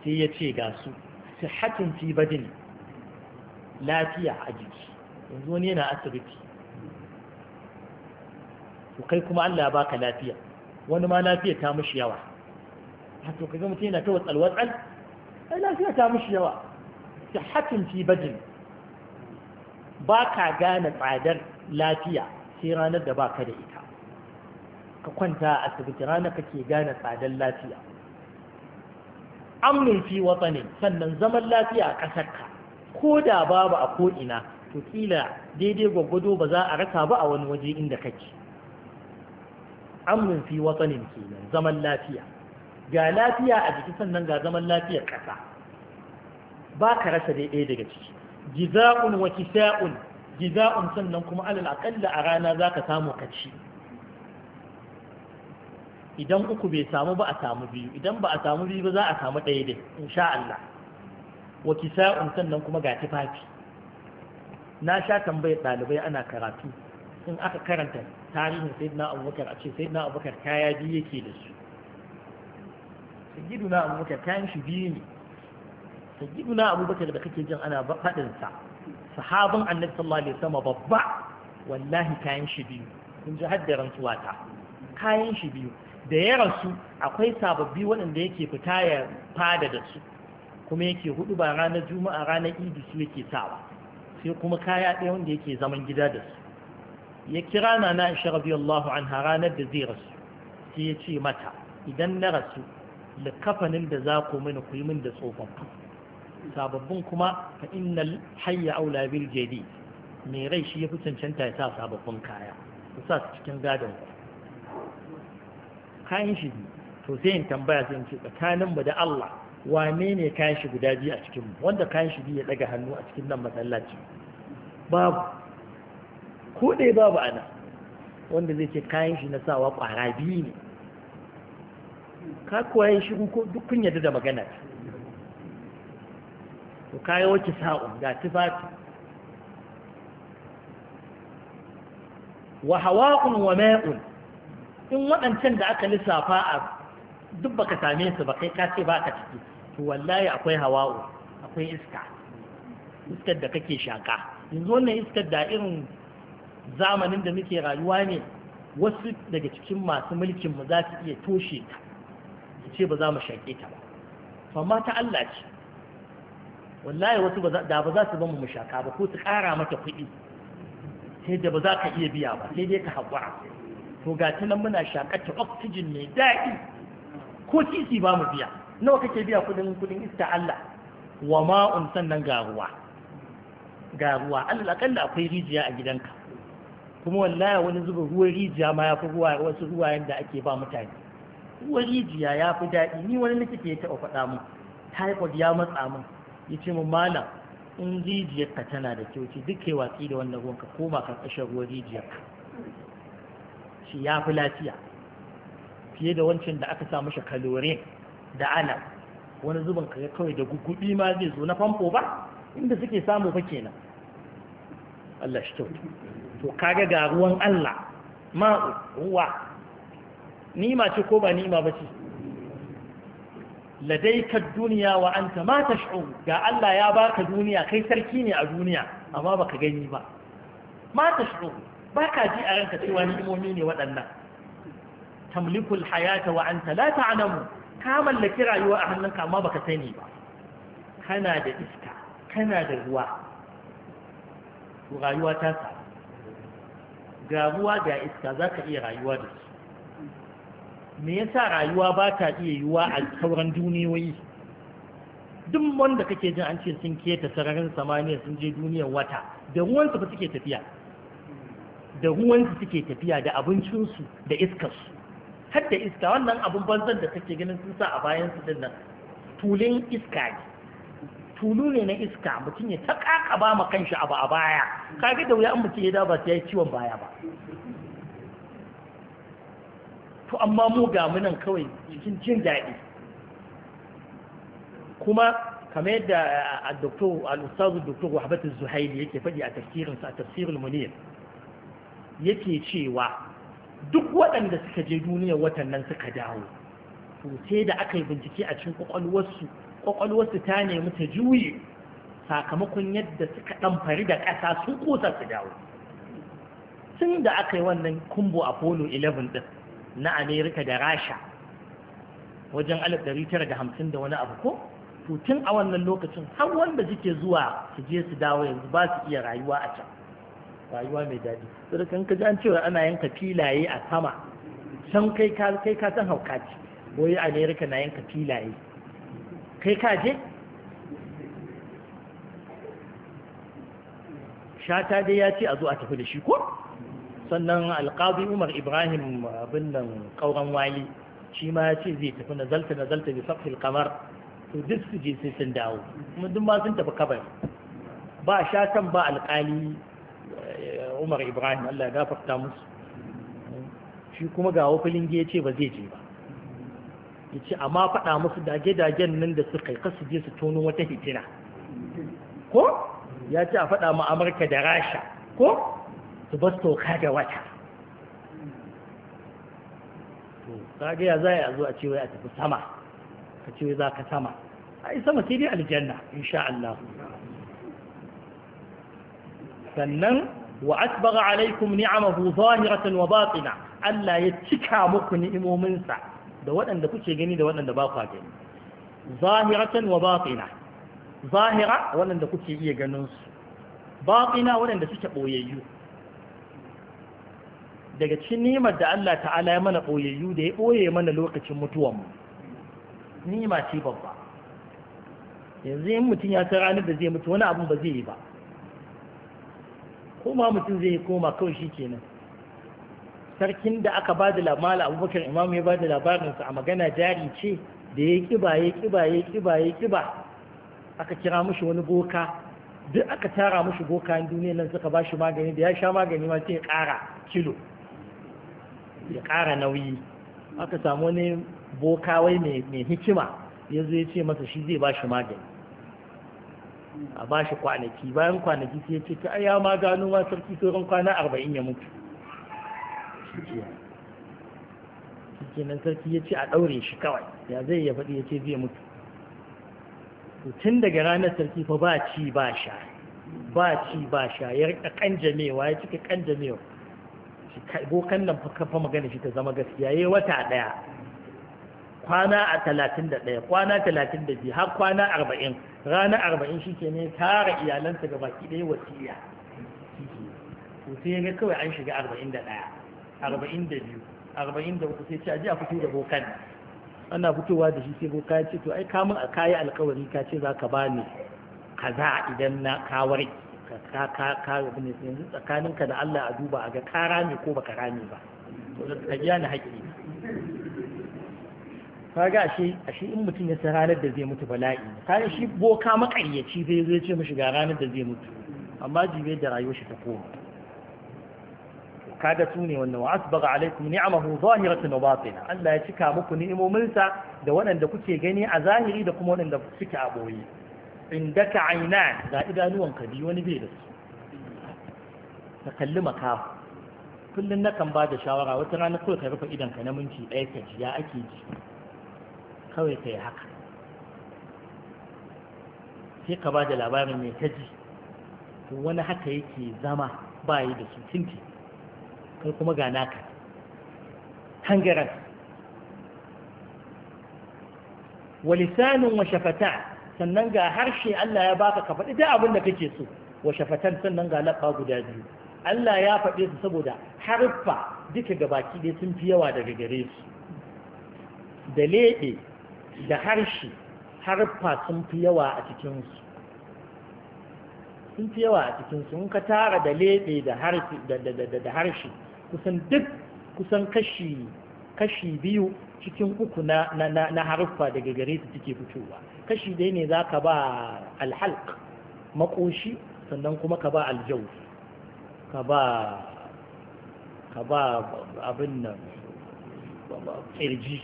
Speaker 1: sai ya ce ga su sihhatin fi badin lafiya a jiki yanzu wani yana asibiti to kai kuma Allah ya baka lafiya wani ma lafiya ta mishi yawa hato kaga mutum yana kawai tsalwatsal ai lafiya ta mushi yawa sihatun ci badin ba ka gane tsadar lafiya sai ranar da baka da ita ka kwanta a asibiti ranar kake gane tsadar lafiya amnin fi watsanin sannan zaman lafiya a ƙasarka ko da babu a ko'ina to kila daidai gwaggwado ba za a rasa ba a wani waje inda kake amnin fi watsanin kenan zaman lafiya ga lafiya a jiki sannan ga zaman lafiyar ƙasa ba ka rasa dai ɗaya daga ciki jiza'un wa kisa'un jiza'un sannan kuma alal aƙalla a rana za ka samu ka ci idan uku bai samu ba a samu biyu idan ba a samu biyu ba za a samu ɗaya dai insha Allah wa kisa'un sannan kuma ga tufafi na sha tambayar ɗalibai ana karatu in aka karanta tarihin sayyidina abubakar a ce sayyidina abubakar kaya biyu yake da su sayyiduna abubakar kayan shi biyu ne sayyiduna abubakar da kake jin ana faɗin sa sahabin annabi sallallahu alaihi wasallam babba wallahi kayan shi biyu kun ji haddaran suwata kayan shi biyu da ya rasu akwai sababbi waɗanda yake fita ya fada da su kuma yake hudu ba ranar juma'a ranar idi su yake sawa sai kuma kaya ɗaya wanda yake zaman gida da su ya kira na na isha radiyallahu anha ranar da zai rasu sai ya ce mata idan na rasu da kafanin da za ku mini ku yi min da tsofaffin sababbin kuma ka innal hayya aula bil jadi mai rai shi ya fi cancanta ya sa sababbin kaya ku sa su cikin gadon
Speaker 2: ku
Speaker 1: kayan shi to sai in tambaya sai in ce tsakanin mu da Allah wane ne kayan shi guda biyu a cikin mu wanda kayan shi biyu ya daga hannu a cikin nan masallaci babu ko dai babu ana wanda zai ce kayan shi na sawa kwara biyu ne ka kuwa yin shiru ko duk kun yadda da magana to kayo wacce sa'un ga tufafi wa hawa'un wa ma'un in waɗancan da aka lissafa a duk baka same su ba kai ka ce ba ka ciki to wallahi akwai hawa'u akwai iska iskar da kake shaka yanzu wannan iskar da irin zamanin da muke rayuwa ne wasu daga cikin masu mulkinmu za su iya toshe ta ce ba za mu shaƙe ta ba to amma ta Allah ce wallahi wasu da ba za su ba mu shaƙa ba ko su ƙara mata kuɗi sai da ba za ka iya biya ba sai dai ka haƙura to ga ta nan muna shaƙar ta oxygen mai daɗi ko titi ba mu biya nawa kake biya kuɗin kuɗin Ista Allah wa ma'un sannan ga ruwa ga ruwa Allah akalla akwai rijiya a gidanka kuma wallahi wani zuba ruwan rijiya ma ya fi ruwa wasu ruwayen da ake ba mutane ruwan rijiya ya fi daɗi ni wani likita ya taɓa faɗa mu typhoid ya matsa min ya ce mu malam in rijiyarka tana da kyau ce duk kai watsi da wannan ruwan ka koma ƙarƙashin ruwan rijiyarka shi ya fi lafiya fiye da wancan da aka samu shi da ana wani zubin kaga kawai da gugubi ma zai zo na famfo ba inda suke samu fa kenan Allah shi kyau to kaga ga ruwan Allah ma ruwa Nima ce ko ba ni'ima ba ce ladaika duniya wa anta ma tash'ur ga Allah ya baka duniya kai sarki ne a duniya amma ba ka gani ba ma tash'ur baka ji a ranka cewa ni'imomi ne waɗannan tamlikul hayata wa anta la ta'lamu ka mallaki rayuwa a hannunka amma ba ka sani ba kana da iska kana da ruwa rayuwa ta sa ga ruwa ga iska ka iya rayuwa da su me yasa rayuwa ba ta iya yiwa a sauran duniyoyi duk wanda kake jin an ce sun keta sararin samaniya sun je duniyar wata da ruwansu ba suke tafiya da ruwansu suke tafiya da abincinsu da iskarsu har da iska wannan abin banzan da kake ganin sun sa a bayan su din nan tulin iska ne tulu ne na iska mutum ya ta kakaba ma kanshi abu a baya kaga da wuya an mutum ya da ba yi ciwon baya ba to amma mu ga munan kawai cikin jin daɗi kuma kamar yadda a Dr. al-ustazu zuhaili yake faɗi a tafsirinsa a tafsirul munir yake cewa duk waɗanda suka je duniyar watan suka dawo to sai da aka yi bincike a cikin kwakwalwarsu ƙwaƙwalwarsu ta nemi ta juye sakamakon yadda suka ɗan fari da ƙasa sun ƙusa su dawo tun da aka yi wannan kumbo apollo 11 ɗin na amerika da rasha wajen 1950 da wani abu ko Tutun tun a wannan lokacin har wanda suke zuwa su je su dawo yanzu ba su iya rayuwa a can rayuwa mai daɗi saboda ka ji an cewa ana yanka filaye a sama can kai ka kai ka san hauka ce boye amerika na yanka filaye kai ka je shata dai ya ce a zo a tafi da shi ko sannan alƙazi umar ibrahim abin nan ƙauran wali shi ma ya ce zai tafi nazalta nazalta bi safil kamar to duk su je sai sun dawo kuma duk ma sun tafi kabar ba shatan ba alƙali eh, umar ibrahim allah ya gafarta musu shi kuma ga wafilin ya ce ba zai je ba ya ce amma faɗa musu dage-dagen nan da suka yi kasu je su tono wata fitina, ko ya ce a faɗa mu amurka da rasha ko su bar toka da wata kaga za a zo a ce wai a tafi sama ka ce wai za ka sama a yi sama sai dai aljanna insha Allah sannan wa asbagha alaikum ni'amahu zahiratan wa batina Allah ya cika muku ni'imominsa da waɗanda kuke gani da waɗanda ba ku gani zahiratan wa batina zahira waɗanda kuke iya ganin su batina waɗanda suke boyayyu daga cikin nimar da Allah ta'ala ya mana ɓoyayyu da ya ɓoye mana lokacin mutuwanmu nima ce babba yanzu yin mutum ya san ranar da zai mutu wani abin ba zai yi ba koma mutum zai koma kawai shi kenan sarkin da aka ba da labarin abubakar imam ya ba da labarinsa a magana jari ce da ya kiba ya kiba ya kiba ya kiba aka kira mushi wani goka, duk aka tara mushi boka duniya nan suka ba shi magani da ya sha magani ma sai ya kara kilo ya ƙara nauyi aka samu ne bokawai mai hikima ya zo ya ce masa shi zai ba shi magani a ba shi kwanaki bayan kwanaki sai ya ce ta ya ma gano ma sarki sauran kwana arba'in ya mutu nan sarki ya ce a ɗaure shi kawai ya zai ya faɗi ya ce zai mutu tun daga ranar sarki fa ba ci ba sha ba ci ba sha ya rika kanjamewa ya cika kanjamewa ce kai bokan nan fa magana shi ta zama gaskiya yayi wata daya kwana a talatin da ɗaya kwana talatin da biyu har kwana arba'in rana arba'in shi ke ne tara iyalansa ga baki ɗaya wasiya to sai ga kawai an shiga arba'in da ɗaya arba'in da biyu arba'in da uku sai ce aji a fito da bokan ana fitowa da shi sai boka ya ce to ai kamun a kayi alkawari ka ce za ka ba ni kaza idan na kawarki ka ka ka ne tsakaninka da Allah a duba a ga ka rame ko baka rame ba to ka biya ashe ashe in mutum ya san ranar da zai mutu bala'i ga shi boka makayyaci zai zai ce mishi ga ranar da zai mutu amma jibe da rayuwar shi ta koma kaga su ne wannan wa asbaga alaikum ni'amahu zahiratan wa batina Allah ya cika muku ni'imominsa da waɗanda kuke gani a zahiri da kuma waɗanda suke a boye indaka aina ga idanuwan ka biyu wani bai da su ka kalli makafu kullum na kan ba da shawara wata rana kawai ka rufe idan ka na minti ɗaya ka ji ya ake ji kawai ka yi haka sai ka ba da labarin mai ta ji to wani haka yake zama ba yi da su tinti kai kuma ga naka hangaran walisanin wa shafata sannan ga harshe Allah ya baka ka faɗi duk abin da kake so wa shafatan sannan ga labba guda biyu Allah ya faɗe su saboda harfa duka baki ɗaya sun fi yawa daga gare su da leɗe da harshe harfa sun fi yawa a cikinsu sun fi yawa a cikinsu in ka tara da leɗe da harshe kusan duk kusan kashi kashi biyu cikin uku na harfa daga gare su suke fitowa kashi dai ne za ka ba alhalq makoshi sannan kuma ka ba aljau ka ba ka abin nan kirji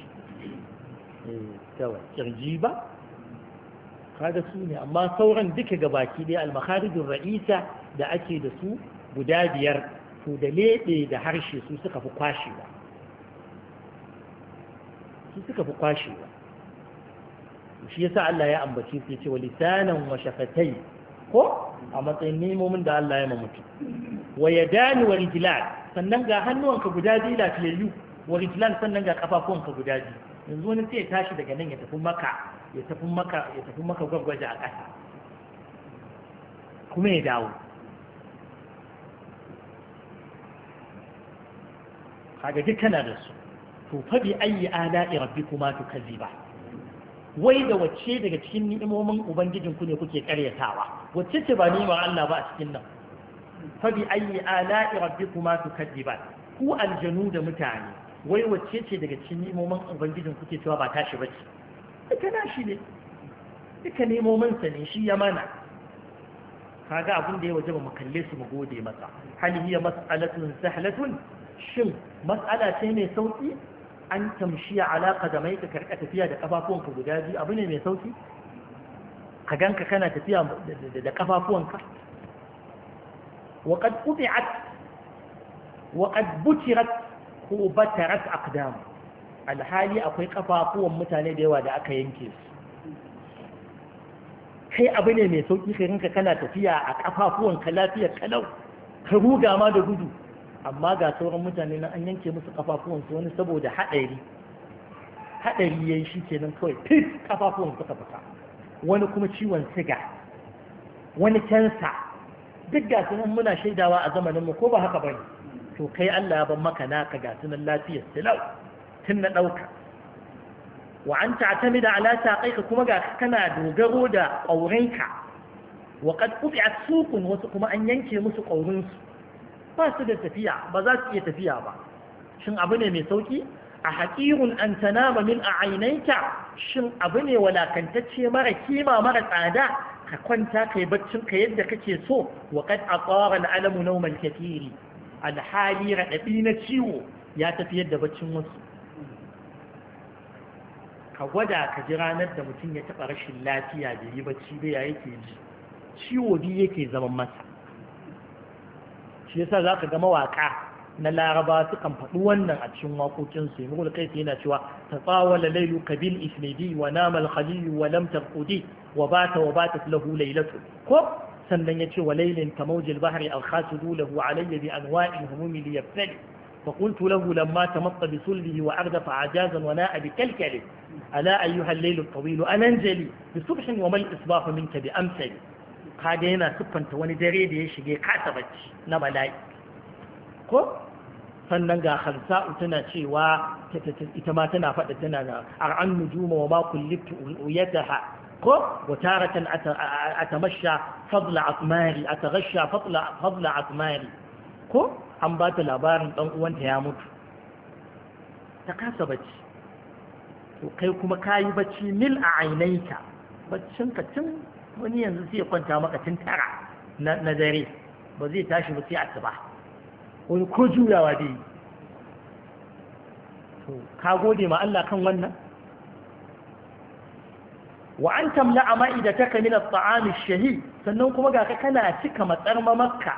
Speaker 1: kirji eh, ba kaga su ne amma sauran duka gabaki dai almakharijin ra'isa da ake da su guda biyar to da da harshe su suka fi kwashewa su suka fi kwashewa shi yasa Allah ya ambace su yace walisanan wa shafatai ko a matsayin nemomin da Allah ya ma mutum wa yadani wa rijlan sannan ga hannuwanka guda biyu lafiyayyu wa rijlan sannan ga kafafuwanka guda biyu yanzu wani sai ya tashi daga nan ya tafi maka ya tafi maka ya tafi maka gwaggwaje a ƙasa kuma ya dawo kaga duk kana da su to fa bi ayi ala'i rabbikuma tukaziba wai da wacce daga cikin ni'imomin ubangijin ku ne kuke karyatawa wacce ce ba ni ma Allah ba a cikin nan fa bi ayyi ala'i rabbikuma tukadiban ku aljanu da mutane wai wacce ce daga cikin ni'imomin ubangijin kuke cewa ba tashi bace duka nashi ne duka ni'imomin sa ne shi ya mana kaga abin da ya waje ba mu kalle su mu gode masa hal hiya mas'alatun sahlatun shin mas'ala ce mai sauki an tamshi alaƙa da mai ka karka tafiya da kafafuwanka guda biyu abu ne mai sauki ka ganka kana tafiya da kafafuwanka waƙad ƙubi'at waƙad butirat ko batarat aqdam alhali akwai ƙafafuwan mutane da yawa da aka yanke su kai abu ne mai sauki ka ganka kana tafiya a kafafuwanka lafiyar kalau ka ruga ma da gudu amma ga sauran mutane na an yanke musu kafafuwansu wani saboda haɗari haɗari ya yi shi kenan kawai fit kafafuwan suka fita wani kuma ciwon siga wani kensa duk ga muna shaidawa a zamanin mu ko ba haka bane to kai Allah ya ban maka naka ga tunan lafiyar silau tun na ɗauka wa an ta'tamida ala saqaika kuma ga kana dogaro da ƙaurinka wa qad qubi'at suqun wasu kuma an yanke musu ƙaurinsu ba su da tafiya ba za su iya tafiya ba shin abu ne mai sauki a haƙirun an tanama min a ainaika shin abu ne walakantacce mara kima mara tsada ka kwanta kai baccin ka yadda kake so wa kad atara al'alamu nauman kathiri alhali raɗaɗi na ciwo ya tafi yadda baccin wasu ka gwada ka ji ranar da mutum ya taɓa rashin lafiya da yi bacci da ya yake ji ciwo biyu yake zaman masa shi yasa za ka ga mawaƙa na laraba sukan faɗi wannan a cikin waƙoƙinsu yanzu da kai yana cewa ta tsawala lailu kabil isnidi wa namal khaliyu wa lam tarqudi wa bata wa batat lahu laylatu ko sannan ya ce wa lailin ka maujil bahri al khasidu lahu alayya bi anwa'il humumi li yabtali فقلت له لما تمط بصلبه وأردف عجازا وناء بكلكله ألا أيها الليل الطويل أننجلي بصبح وما الإصباح منك بأمثلي kaga yana siffanta wani dare da ya shige kasa bacci na bala'i ko sannan ga khalsa'u tana cewa ita ma tana faɗa tana na ar'an nujuma wa ma kullibtu uyataha ko wa taratan fadla atmari ataghashsha fadla fadla ko an ba ta labarin dan uwanta ya mutu ta kasa bacci to kai kuma kayi bacci mil a ainaita ka tun wani yanzu sai kwanta maka tun tara na dare ba zai tashi ba sai asuba wani ko juyawa dai to ka gode ma Allah kan wannan wa an tamla ma'idata min at-ta'am ash-shahi sannan kuma ga ka kana cika matsar mamakka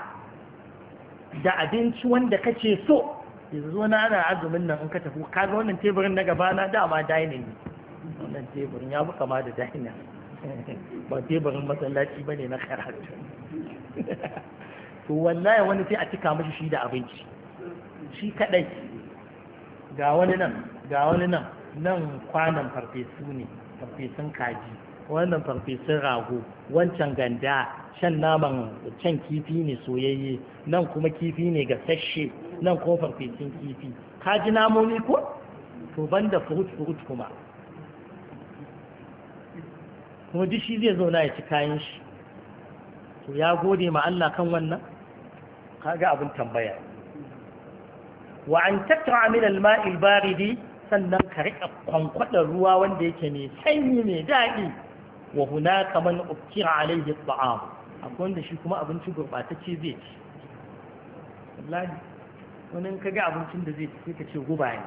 Speaker 1: da abinci wanda kace so yanzu na ana azumin nan in ka tafi ga wannan teburin na gaba na dama dining ne wannan teburin ya fi kama da dining ba teburin masallaci ba ne na karatu to wallahi wani sai a cika mashi shi da abinci shi kadai ga wani nan ga wani nan nan kwanan farfesu ne farfesun kaji wannan farfesun rago wancan ganda shan naman can kifi ne soyayye nan kuma kifi ne ga gasasshe nan kuma farfesun kifi kaji namomi ko to banda furut furut kuma kuma duk shi zai zauna ya ci kayan shi to ya gode ma Allah kan wannan kaga abin tambaya wa an tattara min al-ma'i baridi sannan ka rika kwankwada ruwa wanda yake mai sanyi mai daɗi wa hunaka man ubkira alaihi ta'am akwai wanda shi kuma abinci gurbatacce zai ci wallahi wani kaga abincin da zai ci sai ka ce guba ne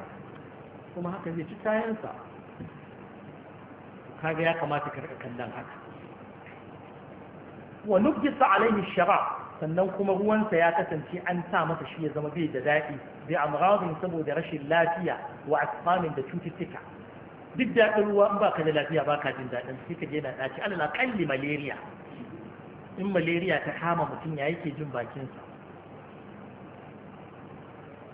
Speaker 1: kuma haka zai ci kayansa kaga ya kamata ka rika kallon haka wa nubjisa alaihi shara sannan kuma ruwansa ya kasance an sa masa shi ya zama bai da daɗi bai amradin saboda rashin lafiya wa asfamin da cututtuka duk daɗin ruwa in baka da lafiya baka jin daɗin sai ka je na ɗaci alal kalli malaria in malaria ta kama mutum ya yake jin bakinsa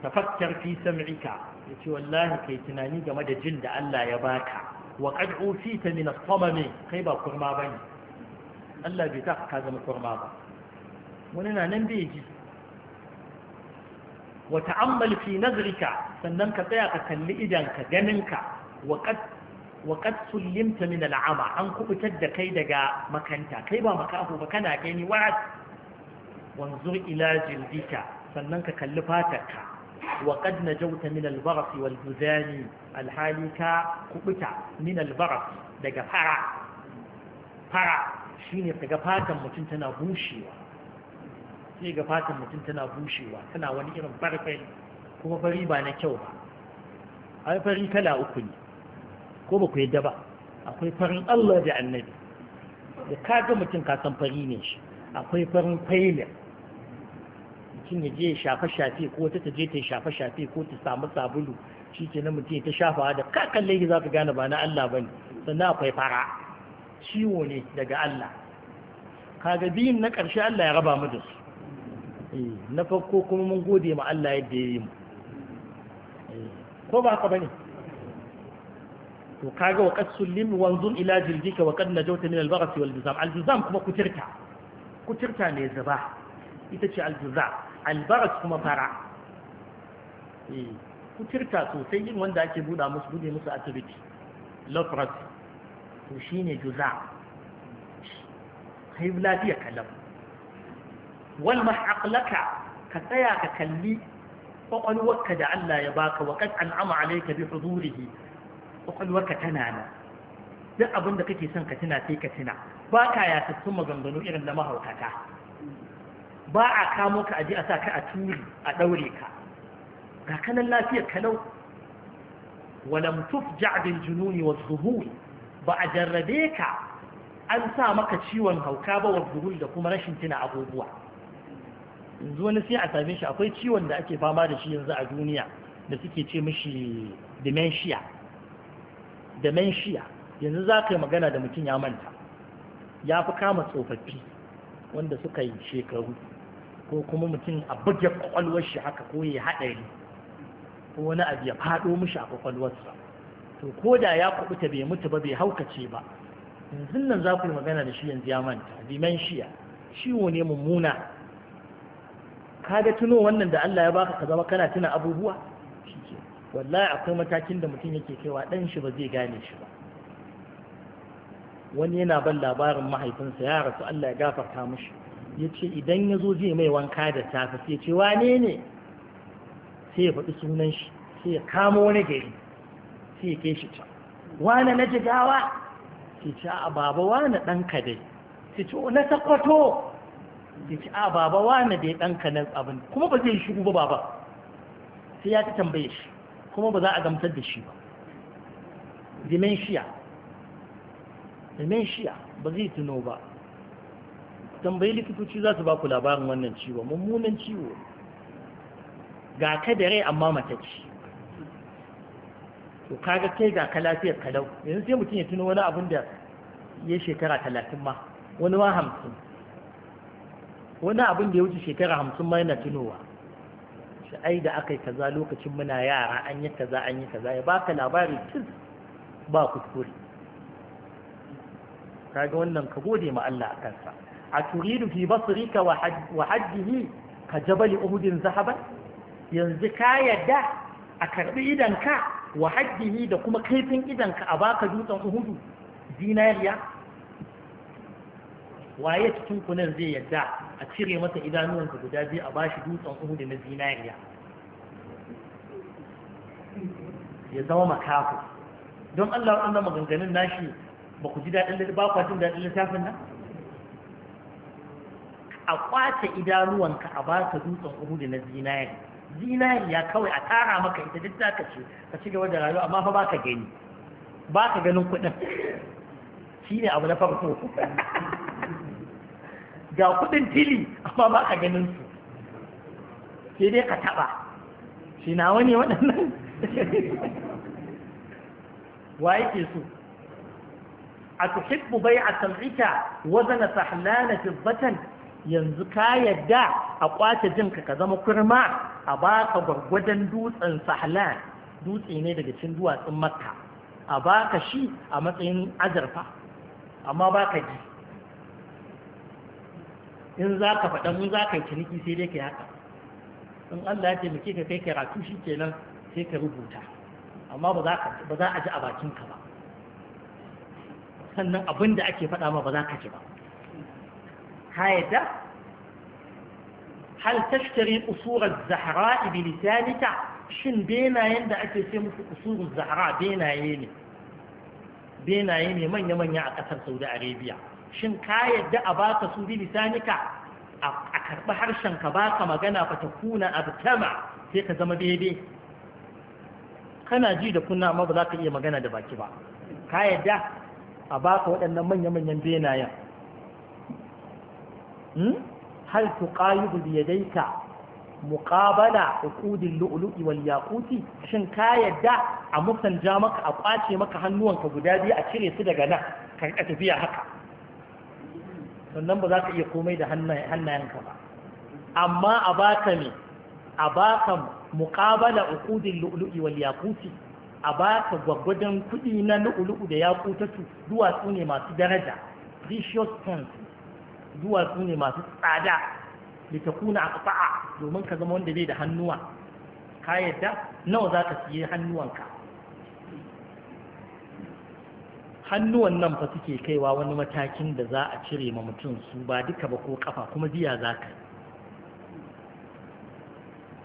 Speaker 1: tafakkar fi sam'ika ce wallahi kai tunani game da jin da Allah ya baka wa qad usita min as-samam kai ba kurma bane Allah bai ta ka zama kurma ba wani na nan bai ji wa ta'ammal fi nazrika sannan ka tsaya ka kalli idan ka ganin ka wa qad wa qad sulimta min al'ama an kubutar da kai daga makanta kai ba makaho ba kana gani wa wanzur ila jildika sannan ka kalli fatarka وقد نجوت من البغص والجذان الحالي كقبتا من البغص دقى فرع فرع شيني تقى فاتا متنتنا بوشيوا sai fatan mutum tana bushewa tana wani irin farfari kuma fari ba na kyau ba ai fari kala uku ne ko ba yadda ba akwai farin Allah da annabi da kaga mutum kasan fari ne akwai farin failin mutum ya je ya shafa shafe ko ta je ta shafa shafe ko ta samu sabulu shi ke na mutum ta shafa da ka kalle za ka gane ba na Allah ba ne sannan akwai fara ciwo ne daga Allah kaga biyun na ƙarshe Allah ya raba mu da su eh, na farko kuma mun gode ma Allah yadda ya yi mu eh, ko ba haka bane to kaga wa qassul lim wanzun ila jildika wa qad najawta min al-baghthi wal juzam al-juzam kuma kutirta kutirta ne zaba ita ce aljuza albaras kuma fara eh, kuturta sosai yin wanda ake buɗa musu buɗe musu asibiti lopras to shi ne juza ka yi lafiya kalam wal mahaqlaka ka tsaya ka kalli kwakwalwarka da Allah ya baka wa kad an'ama alayka bi hudurihi kwakwalwarka tana nan duk abin da kake son ka tuna sai ka tuna ba ka yasattun maganganu irin na mahaukata ba a kamo ka aji a sa ka a turi a ɗaure ka ga kanan lafiyar kalau walam tufja bil jununi wa zuhul ba a jarrabe ka an sa maka ciwon hauka ba wa zuhul da kuma rashin tuna abubuwa yanzu wani sai a same shi akwai ciwon da ake fama da shi yanzu a duniya da suke ce mishi dementia dementia yanzu za ka yi magana da mutum ya manta ya fi kama tsofaffi wanda suka yi shekaru ko kuma mutum a buge kwakwalwar shi haka ko ya haɗari ko wani abu ya faɗo mishi a kwakwalwarsa to ko da ya kubuta bai mutu ba bai haukace ba yanzu nan za ku yi magana da shi yanzu ya manta dementia ciwo ne mummuna ga tuno wannan da Allah ya baka ka zama kana tuna abubuwa wallahi akwai matakin da mutum yake kaiwa dan shi ba zai gane shi ba wani yana ban labarin mahaifinsa ya rasu Allah ya gafarta mishi ya ce idan ya zo zai mai wanka da safe sai ce wane ne sai ya faɗi sunan shi sai ya kamo wani gari sai ya kai shi can wane na jigawa sai ce a baba wane ɗanka dai sai ce oh, na sakwato sai ce a baba wane dai ɗanka na abin kuma ba zai shigo ba baba sai ya ta tambaye shi kuma ba za a gamsar da shi ba dementia dementia ba zai tuno ba tambayi likitoci za su ba ku labarin wannan ciwo mummunan ciwo ga ka da rai amma matacci to kaga kai ga ka lafiyar kalau yanzu sai mutum ya tuno wani abin da ya shekara talatin ma wani ma hamsin wani abin da ya wuce shekara hamsin ma yana tunowa shi ai da aka yi kaza lokacin muna yara an yi kaza an yi kaza ya baka labari tun ba kuskure kaga wannan ka gode ma Allah a kansa a turidu fi basirika wa hajjihi ka jabali uhudin zahaban yanzu ka yadda a karɓi idanka wa hajjihi da kuma kaifin idanka a baka dutsen uhudu zinariya waye cikin kunan zai yadda a cire masa idanuwansa guda biyu a bashi dutsen uhudu na zinariya ya zama don Allah wannan maganganun nashi ba ku ji daɗin littafin nan a kwace idanuwanka a baka dutsen uhudu na zinari zinari ya kawai a tara maka ita duk zaka ce ka ci gaba da rayuwa amma fa baka gani baka ganin kuɗin shine abu na farko ga kuɗin tili amma baka ganin su sai dai ka taɓa shi nawa ne waɗannan wa yake so A أتحب بيع سمعك وزن سحلان فضة yanzu ka yadda a kwace jinka ka zama kurma a baka gwargwadon dutsen sahlan dutse ne daga cikin duwatsun makka a baka shi a matsayin azurfa amma baka ji in za ka faɗa mun za ka yi ciniki sai dai ka yi haka in Allah ya taimake ka kai karatu shi kenan sai ka rubuta amma ba za a ji a bakinka ba sannan abin da ake faɗa ma ba za ka ji ba ka hal tashtari usurar zahra bilisanika shin benayen da ake ce musu usurar zahra benaye ne benaye ne manya-manya a ƙasar saudi arabia shin ka yadda a baka su bilisanika a karɓi harshen ka baka magana fa ta kuna abtama sai ka zama daidai kana ji da kunna amma ba za ka iya magana da baki ba ka yadda a baka waɗannan manya-manyan benayen Hmm? hal tuqayidu bi yadayka muqabala uqudil lu'lu'i wal yaquti shin ka yadda a musanja maka a kwace maka hannuwanka guda biyu a cire su daga nan ka rika tafiya haka sannan ba za ka iya komai da hannayenka ba amma a baka ne a baka muqabala uqudil a baka gwagwadon kuɗi na lu'lu'u da yaƙutatu, duwatsu ne masu daraja precious stones duwatsu ne masu tsada da ta kuna a aqta'a domin ka zama wanda zai da hannuwa ka yadda nawa za ka siye hannuwanka hannuwan nan fa suke kaiwa wani matakin da za a cire ma mutum su ba duka ba ko kafa kuma biya za ka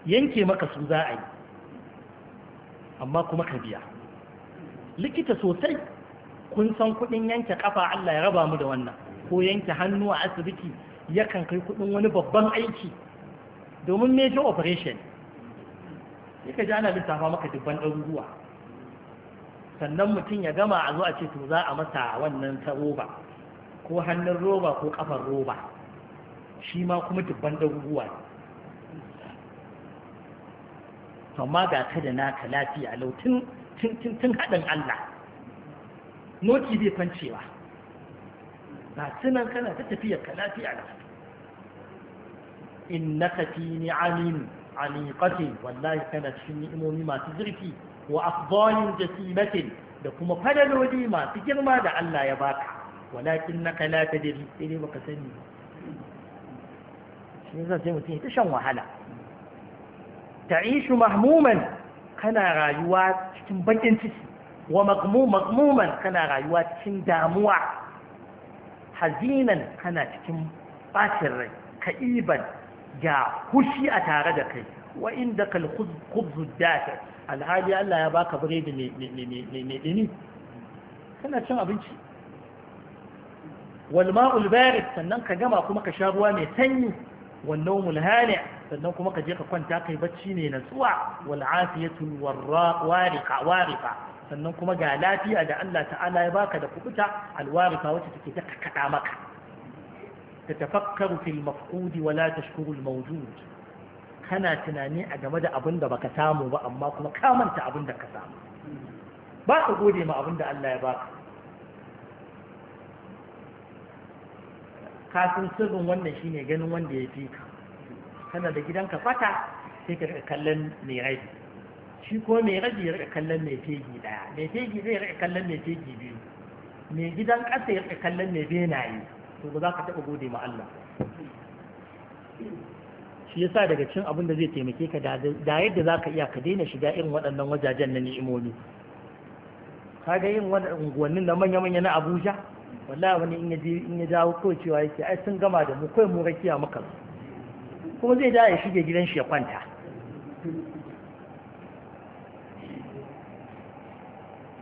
Speaker 1: yanke maka su za a yi amma kuma ka biya likita sosai kun san kudin yanke kafa Allah ya raba mu da wannan ko yanke hannu a asibiti yakan kai kudin wani babban aiki domin major operation yaka ji ana littafa maka dubban ɗaruruwa sannan mutum ya gama a zo a ce to za a masa wannan ta roba ko hannun roba ko kafar roba shi ma kuma dubban ɗaruruwa amma ga ka da naka lafiya lau tun haɗin Allah noti zai fancewa ba tunan kana ta tafiyar ka lafiya da innaka fi ni'amin aniqatin wallahi kana cikin ni'imomi masu zurfi wa afdalin jasimatin da kuma fadaloli masu girma da Allah ya baka walakin naka la tadri sai dai baka sani ba shi yasa mutum ya ta shan wahala ta'ishu mahmuman kana rayuwa cikin bakin ciki wa magmuman kana rayuwa cikin damuwa hazinan kana cikin bacin rai ka'iban ga hushi a tare da kai wa inda kal khubzu dafi alhali Allah ya baka biredi mai dini kana cin abinci wal ma'ul barid sannan ka gama kuma ka sha ruwa mai sanyi wal nawmul hani sannan kuma ka je ka kwanta kai bacci ne natsuwa wal afiyatu warqa wariqa wariqa sannan kuma ga lafiya da Allah ta'ala ya baka da kubuta alwarisa wacce take ta kakada maka tatafakkaru fil mafqudi wala tashkuru al mawjud kana tunani a game da abin da baka samu ba amma kuma ka manta abin da ka samu ba ka gode ma abin da Allah ya baka kafin sirrin wannan shine ganin wanda ya fi ka kana da gidanka fata sai ka kallon mai rai shi ko mai rage ya rika kallon mai fegi daya mai fegi zai rika kallon mai fegi biyu mai gidan ƙasa ya rika kallon mai benaye to ba za ka taɓa gode ma Allah shi yasa daga cin abin da zai taimake ka da yadda za ka iya ka daina shiga irin waɗannan wajajen na ni'imomi ka ga yin unguwannin na manya-manya na abuja wallahi wani in ya jawo kawai cewa yake ai sun gama da mu kawai mu rakiya maka kuma zai da ya shige gidan shi ya kwanta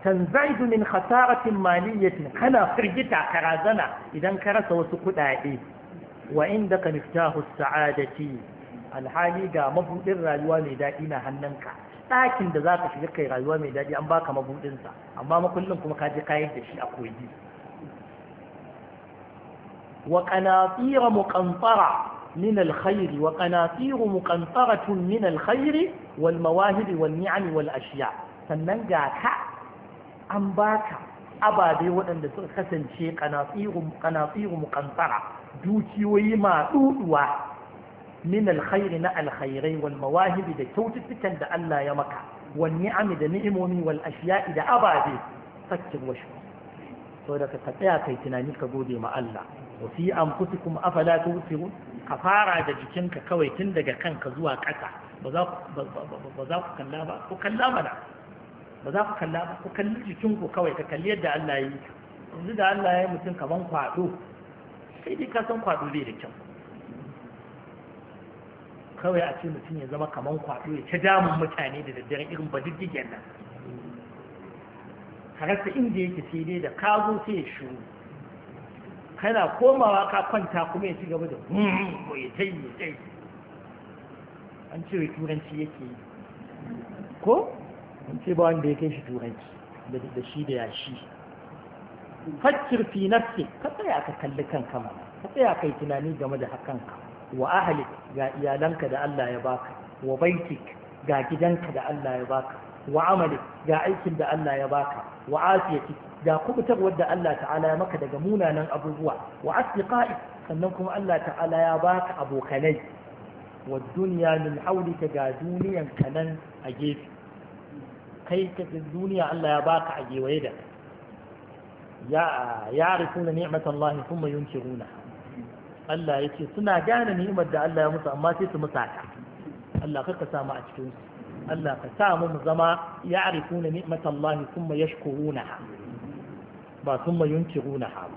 Speaker 1: kan zaidu min khasaratin maliyyatin kana firgita ka razana, idan ka rasa wasu kuɗaɗe. wa inda ka miftahu sa'adati alhali ga mabuɗin rayuwa mai daɗi na hannanka Ɗakin da zaka shiga kai rayuwa mai daɗi an baka mabuɗinsa. amma makullin kuma ka ji ka da shi a koyi wa qanatir muqantara min alkhair wa qanatir muqantara min alkhair wal mawahib wal ni'am wal ashiya sannan ga ka an baka ababe waɗanda suka kasance kanatsiru muƙantara dukiyoyi maɗuɗuwa min alkhairi na alkhairai wal mawahibi da kyaututtukan da Allah ya maka wal ni'ami da ni'imomi wal ashiya'i da ababe fakir wa shukr saboda ka tsaya kai tunani ka gode ma Allah wa fi anfusikum afala tubsirun ka fara da jikinka kawai tun daga kanka zuwa ƙasa ba za ku kalla ba ko kalla mana ba za ku kalla ba ku kalli ku kawai ka kalli yadda Allah ya yi yanzu da Allah ya yi mutum kaman kwado sai dai ka san kwado zai da kyau kawai a ce mutum ya zama kaman kwado ya ta damun mutane da daddare irin ba diddigen nan harasa inda yake sai dai da kago sai ya shuru kana komawa ka kwanta kuma ya ci gaba da ko ya tai ya tai an ce turanci yake yi ko in ce ba wanda ya kai shi turanci da shi da yashi fakir fi nafsi ka tsaya ka kalli kanka mana ka tsaya kai tunani game da hakanka wa ahli ga iyalanka da Allah ya baka wa baitik ga gidanka da Allah ya baka wa amali ga aikin da Allah ya baka wa afiyati ga kubutarwar da Allah ta'ala ya maka daga munanan abubuwa wa asdiqai sannan kuma Allah ta'ala ya baka abokanai wa duniya min hawlika ga duniyan kanan a gefe kai duniya Allah ya baka a gewaye da ya ya'rifu ni'mat Allah kuma yunkiruna Allah ya ce suna gane ni'imar da Allah ya musu amma sai su musa ta Allah ka sa mu a cikin su Allah ka sa mu zama ya ya'rifu ni'mat Allah kuma yashkuruna ba sun kuma yunkiruna ba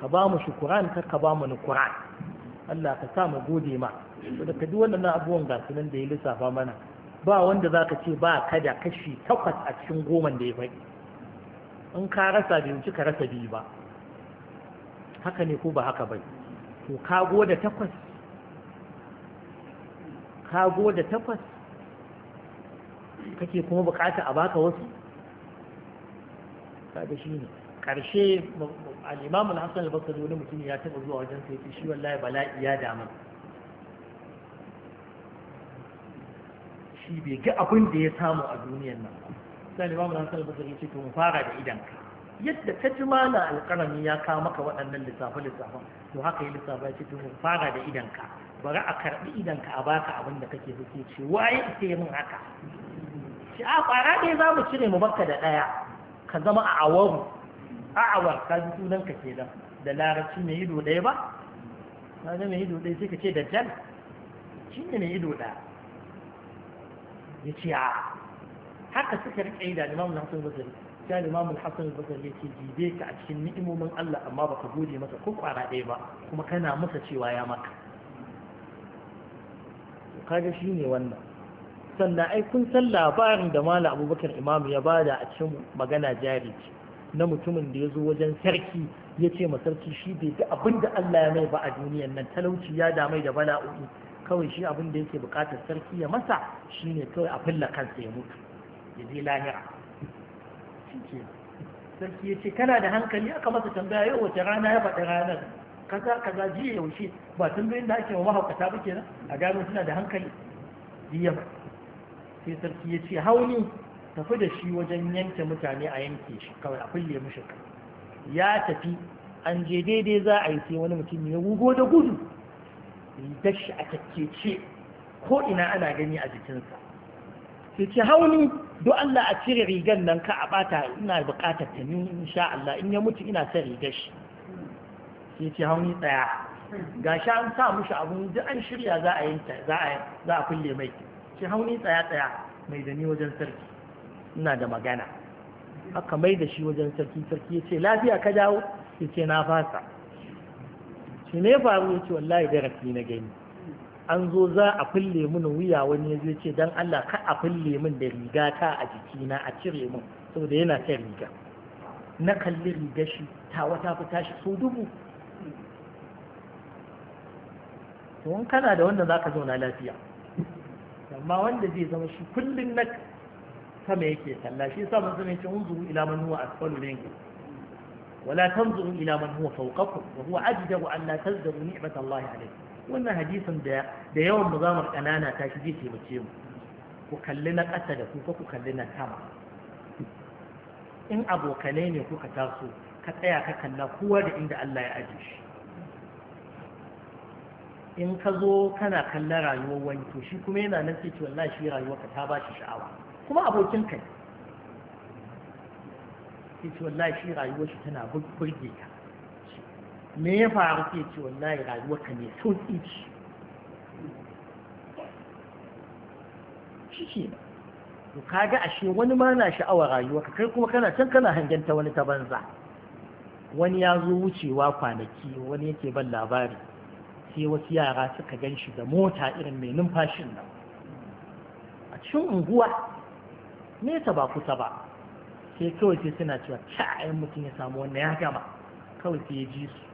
Speaker 1: ka ba mu shukuran ka ka ba mu nukuran Allah ka sa mu gode ma saboda ka duk wannan abubuwan ga sunan da ya lissafa mana ba wanda za ka ce ba ka da kashi takwas a cikin goma da ya faɗi in ka rasa bai wuce ka rasa biyu ba haka ne ko ba haka bai to ka da takwas ka da takwas kake kuma bukata a baka wasu da shi ne ƙarshe al'imamun hassan al-basri wani mutum ya taɓa zuwa wajen sai shi wallahi bala'i ya damar shi bai ga abin da ya samu a duniyar nan sai limamu na sanar da ce to mu fara da idan ka yadda ka ji mana alƙarami ya ka maka waɗannan lissafe lissafen to haka yi lissafa ya ce to mu fara da idan ka bari a karɓi idan ka a baka abin da kake so ke ce waye ke yin min haka shi a ƙwara ne za mu cire mu baka da ɗaya ka zama a awaru a awar ka ji sunan ka kenan da larabci mai ido ɗaya ba ka ga mai ido ɗaya sai ka ce Jan? shi ne mai ido ɗaya yace a haka suka rike da limamun Hassan basri sai Imam Hassan ya ce jibe ka a cikin ni'imomin Allah amma baka gode masa ko kwara ɗaya ba kuma kana masa cewa ya maka kaga shi ne wannan sannan ai kun san labarin da mala abubakar imamu ya bada a cikin magana jari na mutumin da ya zo wajen sarki ya ce ma sarki shi bai ga abinda Allah ya mai ba a duniyan nan talauci ya damai da bala'o'i kawai shi abin da yake bukatar sarki ya masa shi ne kawai a fulla kansa ya mutu ya je lahira sarki ya ce kana da hankali aka masa tambaya yau wace rana ya faɗi ranar kaza kaza jiya yaushe ba tambayin da ake wa mahaukata ba kenan a gano suna da hankali jiya ba sai sarki ya ce hauni tafi da shi wajen yanke mutane a yanke shi kawai a kulle mishi ya tafi an je daidai za a yi sai wani mutum ya gugo da gudu rigar shi a kakkece ko ina ana gani a jikinsa sai ce hauni don Allah a cire rigar nan ka a bata ina bukatar ta ni insha Allah in ya mutu ina son rigar shi sai ce hauni tsaya ga sha an sa mushi abun duk an shirya za a yanka za a za a kulle mai ce hauni tsaya tsaya mai da ni wajen sarki ina da magana aka mai da shi wajen sarki sarki ya ce lafiya ka dawo ya ce na fasa shi ne faru ya ce wallahi darasi na gani an zo za a fulle min wuya wani ya zai ce dan Allah ka a fulle min da riga ta a jikina a cire min saboda yana ta riga na kalli riga shi ta wata fita shi so dubu to kana da wanda zaka zauna lafiya amma wanda zai zama shi kullum na sama yake sallah shi yasa mun zama yake unzuru ila man huwa asfalu minkum ولا تنظروا إلى من هو فوقكم وهو أجدر أن لا تزدروا نعمة الله عليكم wannan hadisin da yawan mu zamu kanana ta shi zai taimake mu ku kalli na ƙasa da ku ku kalli na sama in abokanai ne kuka taso ka tsaya ka kalla kowa da inda Allah ya aje shi in ka zo kana kalla rayuwar wani to kuma yana nan sai ce wallahi shi rayuwarka ta ba shi sha'awa kuma abokin kai sai ce wallahi shi rayuwar shi tana burge ka me ya faru sai ce wallahi rayuwar ka ne sauki ce shi to kaga ashe wani ma na sha'awar rayuwa kai kuma kana can kana hangen ta wani ta banza wani ya zo wucewa kwanaki wani yake ban labari sai wasu yara suka gan shi da mota irin mai numfashin nan a cikin unguwa nesa ba kusa ba sai kawai sai suna cewa ca'ayin mutum ya samu wannan ya gama kawai sai ya ji su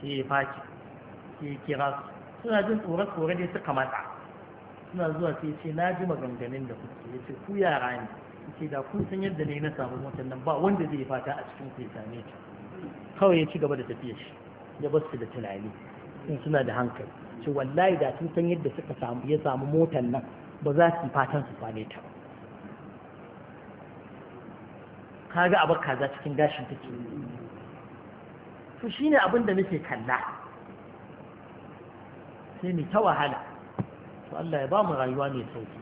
Speaker 1: sai ya faki sai ya kira su suna jin tsoron tsoron dai suka matsa suna zuwa sai ce na ji maganganun da kuke ya ce ku yara ne ce da kun san yadda ne na samu mutum nan ba wanda zai fata a cikin ku ya same ta kawai ya ci gaba da tafiya shi ya ba su da tunani sun suna da hankali ce wallahi da sun san yadda suka samu ya samu motar nan ba za su fatan su same ta ba kaga abar kaza cikin gashin take to shine abin da muke kalla sai mu ta wahala to Allah ya bamu rayuwa mai sauki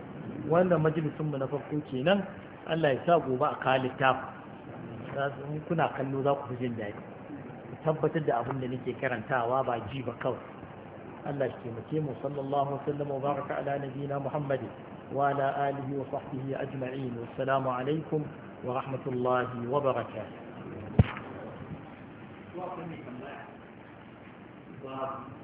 Speaker 1: wannan majalisun mu na farko kenan Allah ya sa gobe a kawo littafi kuna kallo za ku fi jin daɗi tabbatar da abin da nake karantawa ba ji ba kawai Allah shi taimake mu sallallahu alaihi wa baraka ala nabiyina Muhammad wa ala alihi wa sahbihi ajma'in assalamu alaikum ورحمة الله
Speaker 2: وبركاته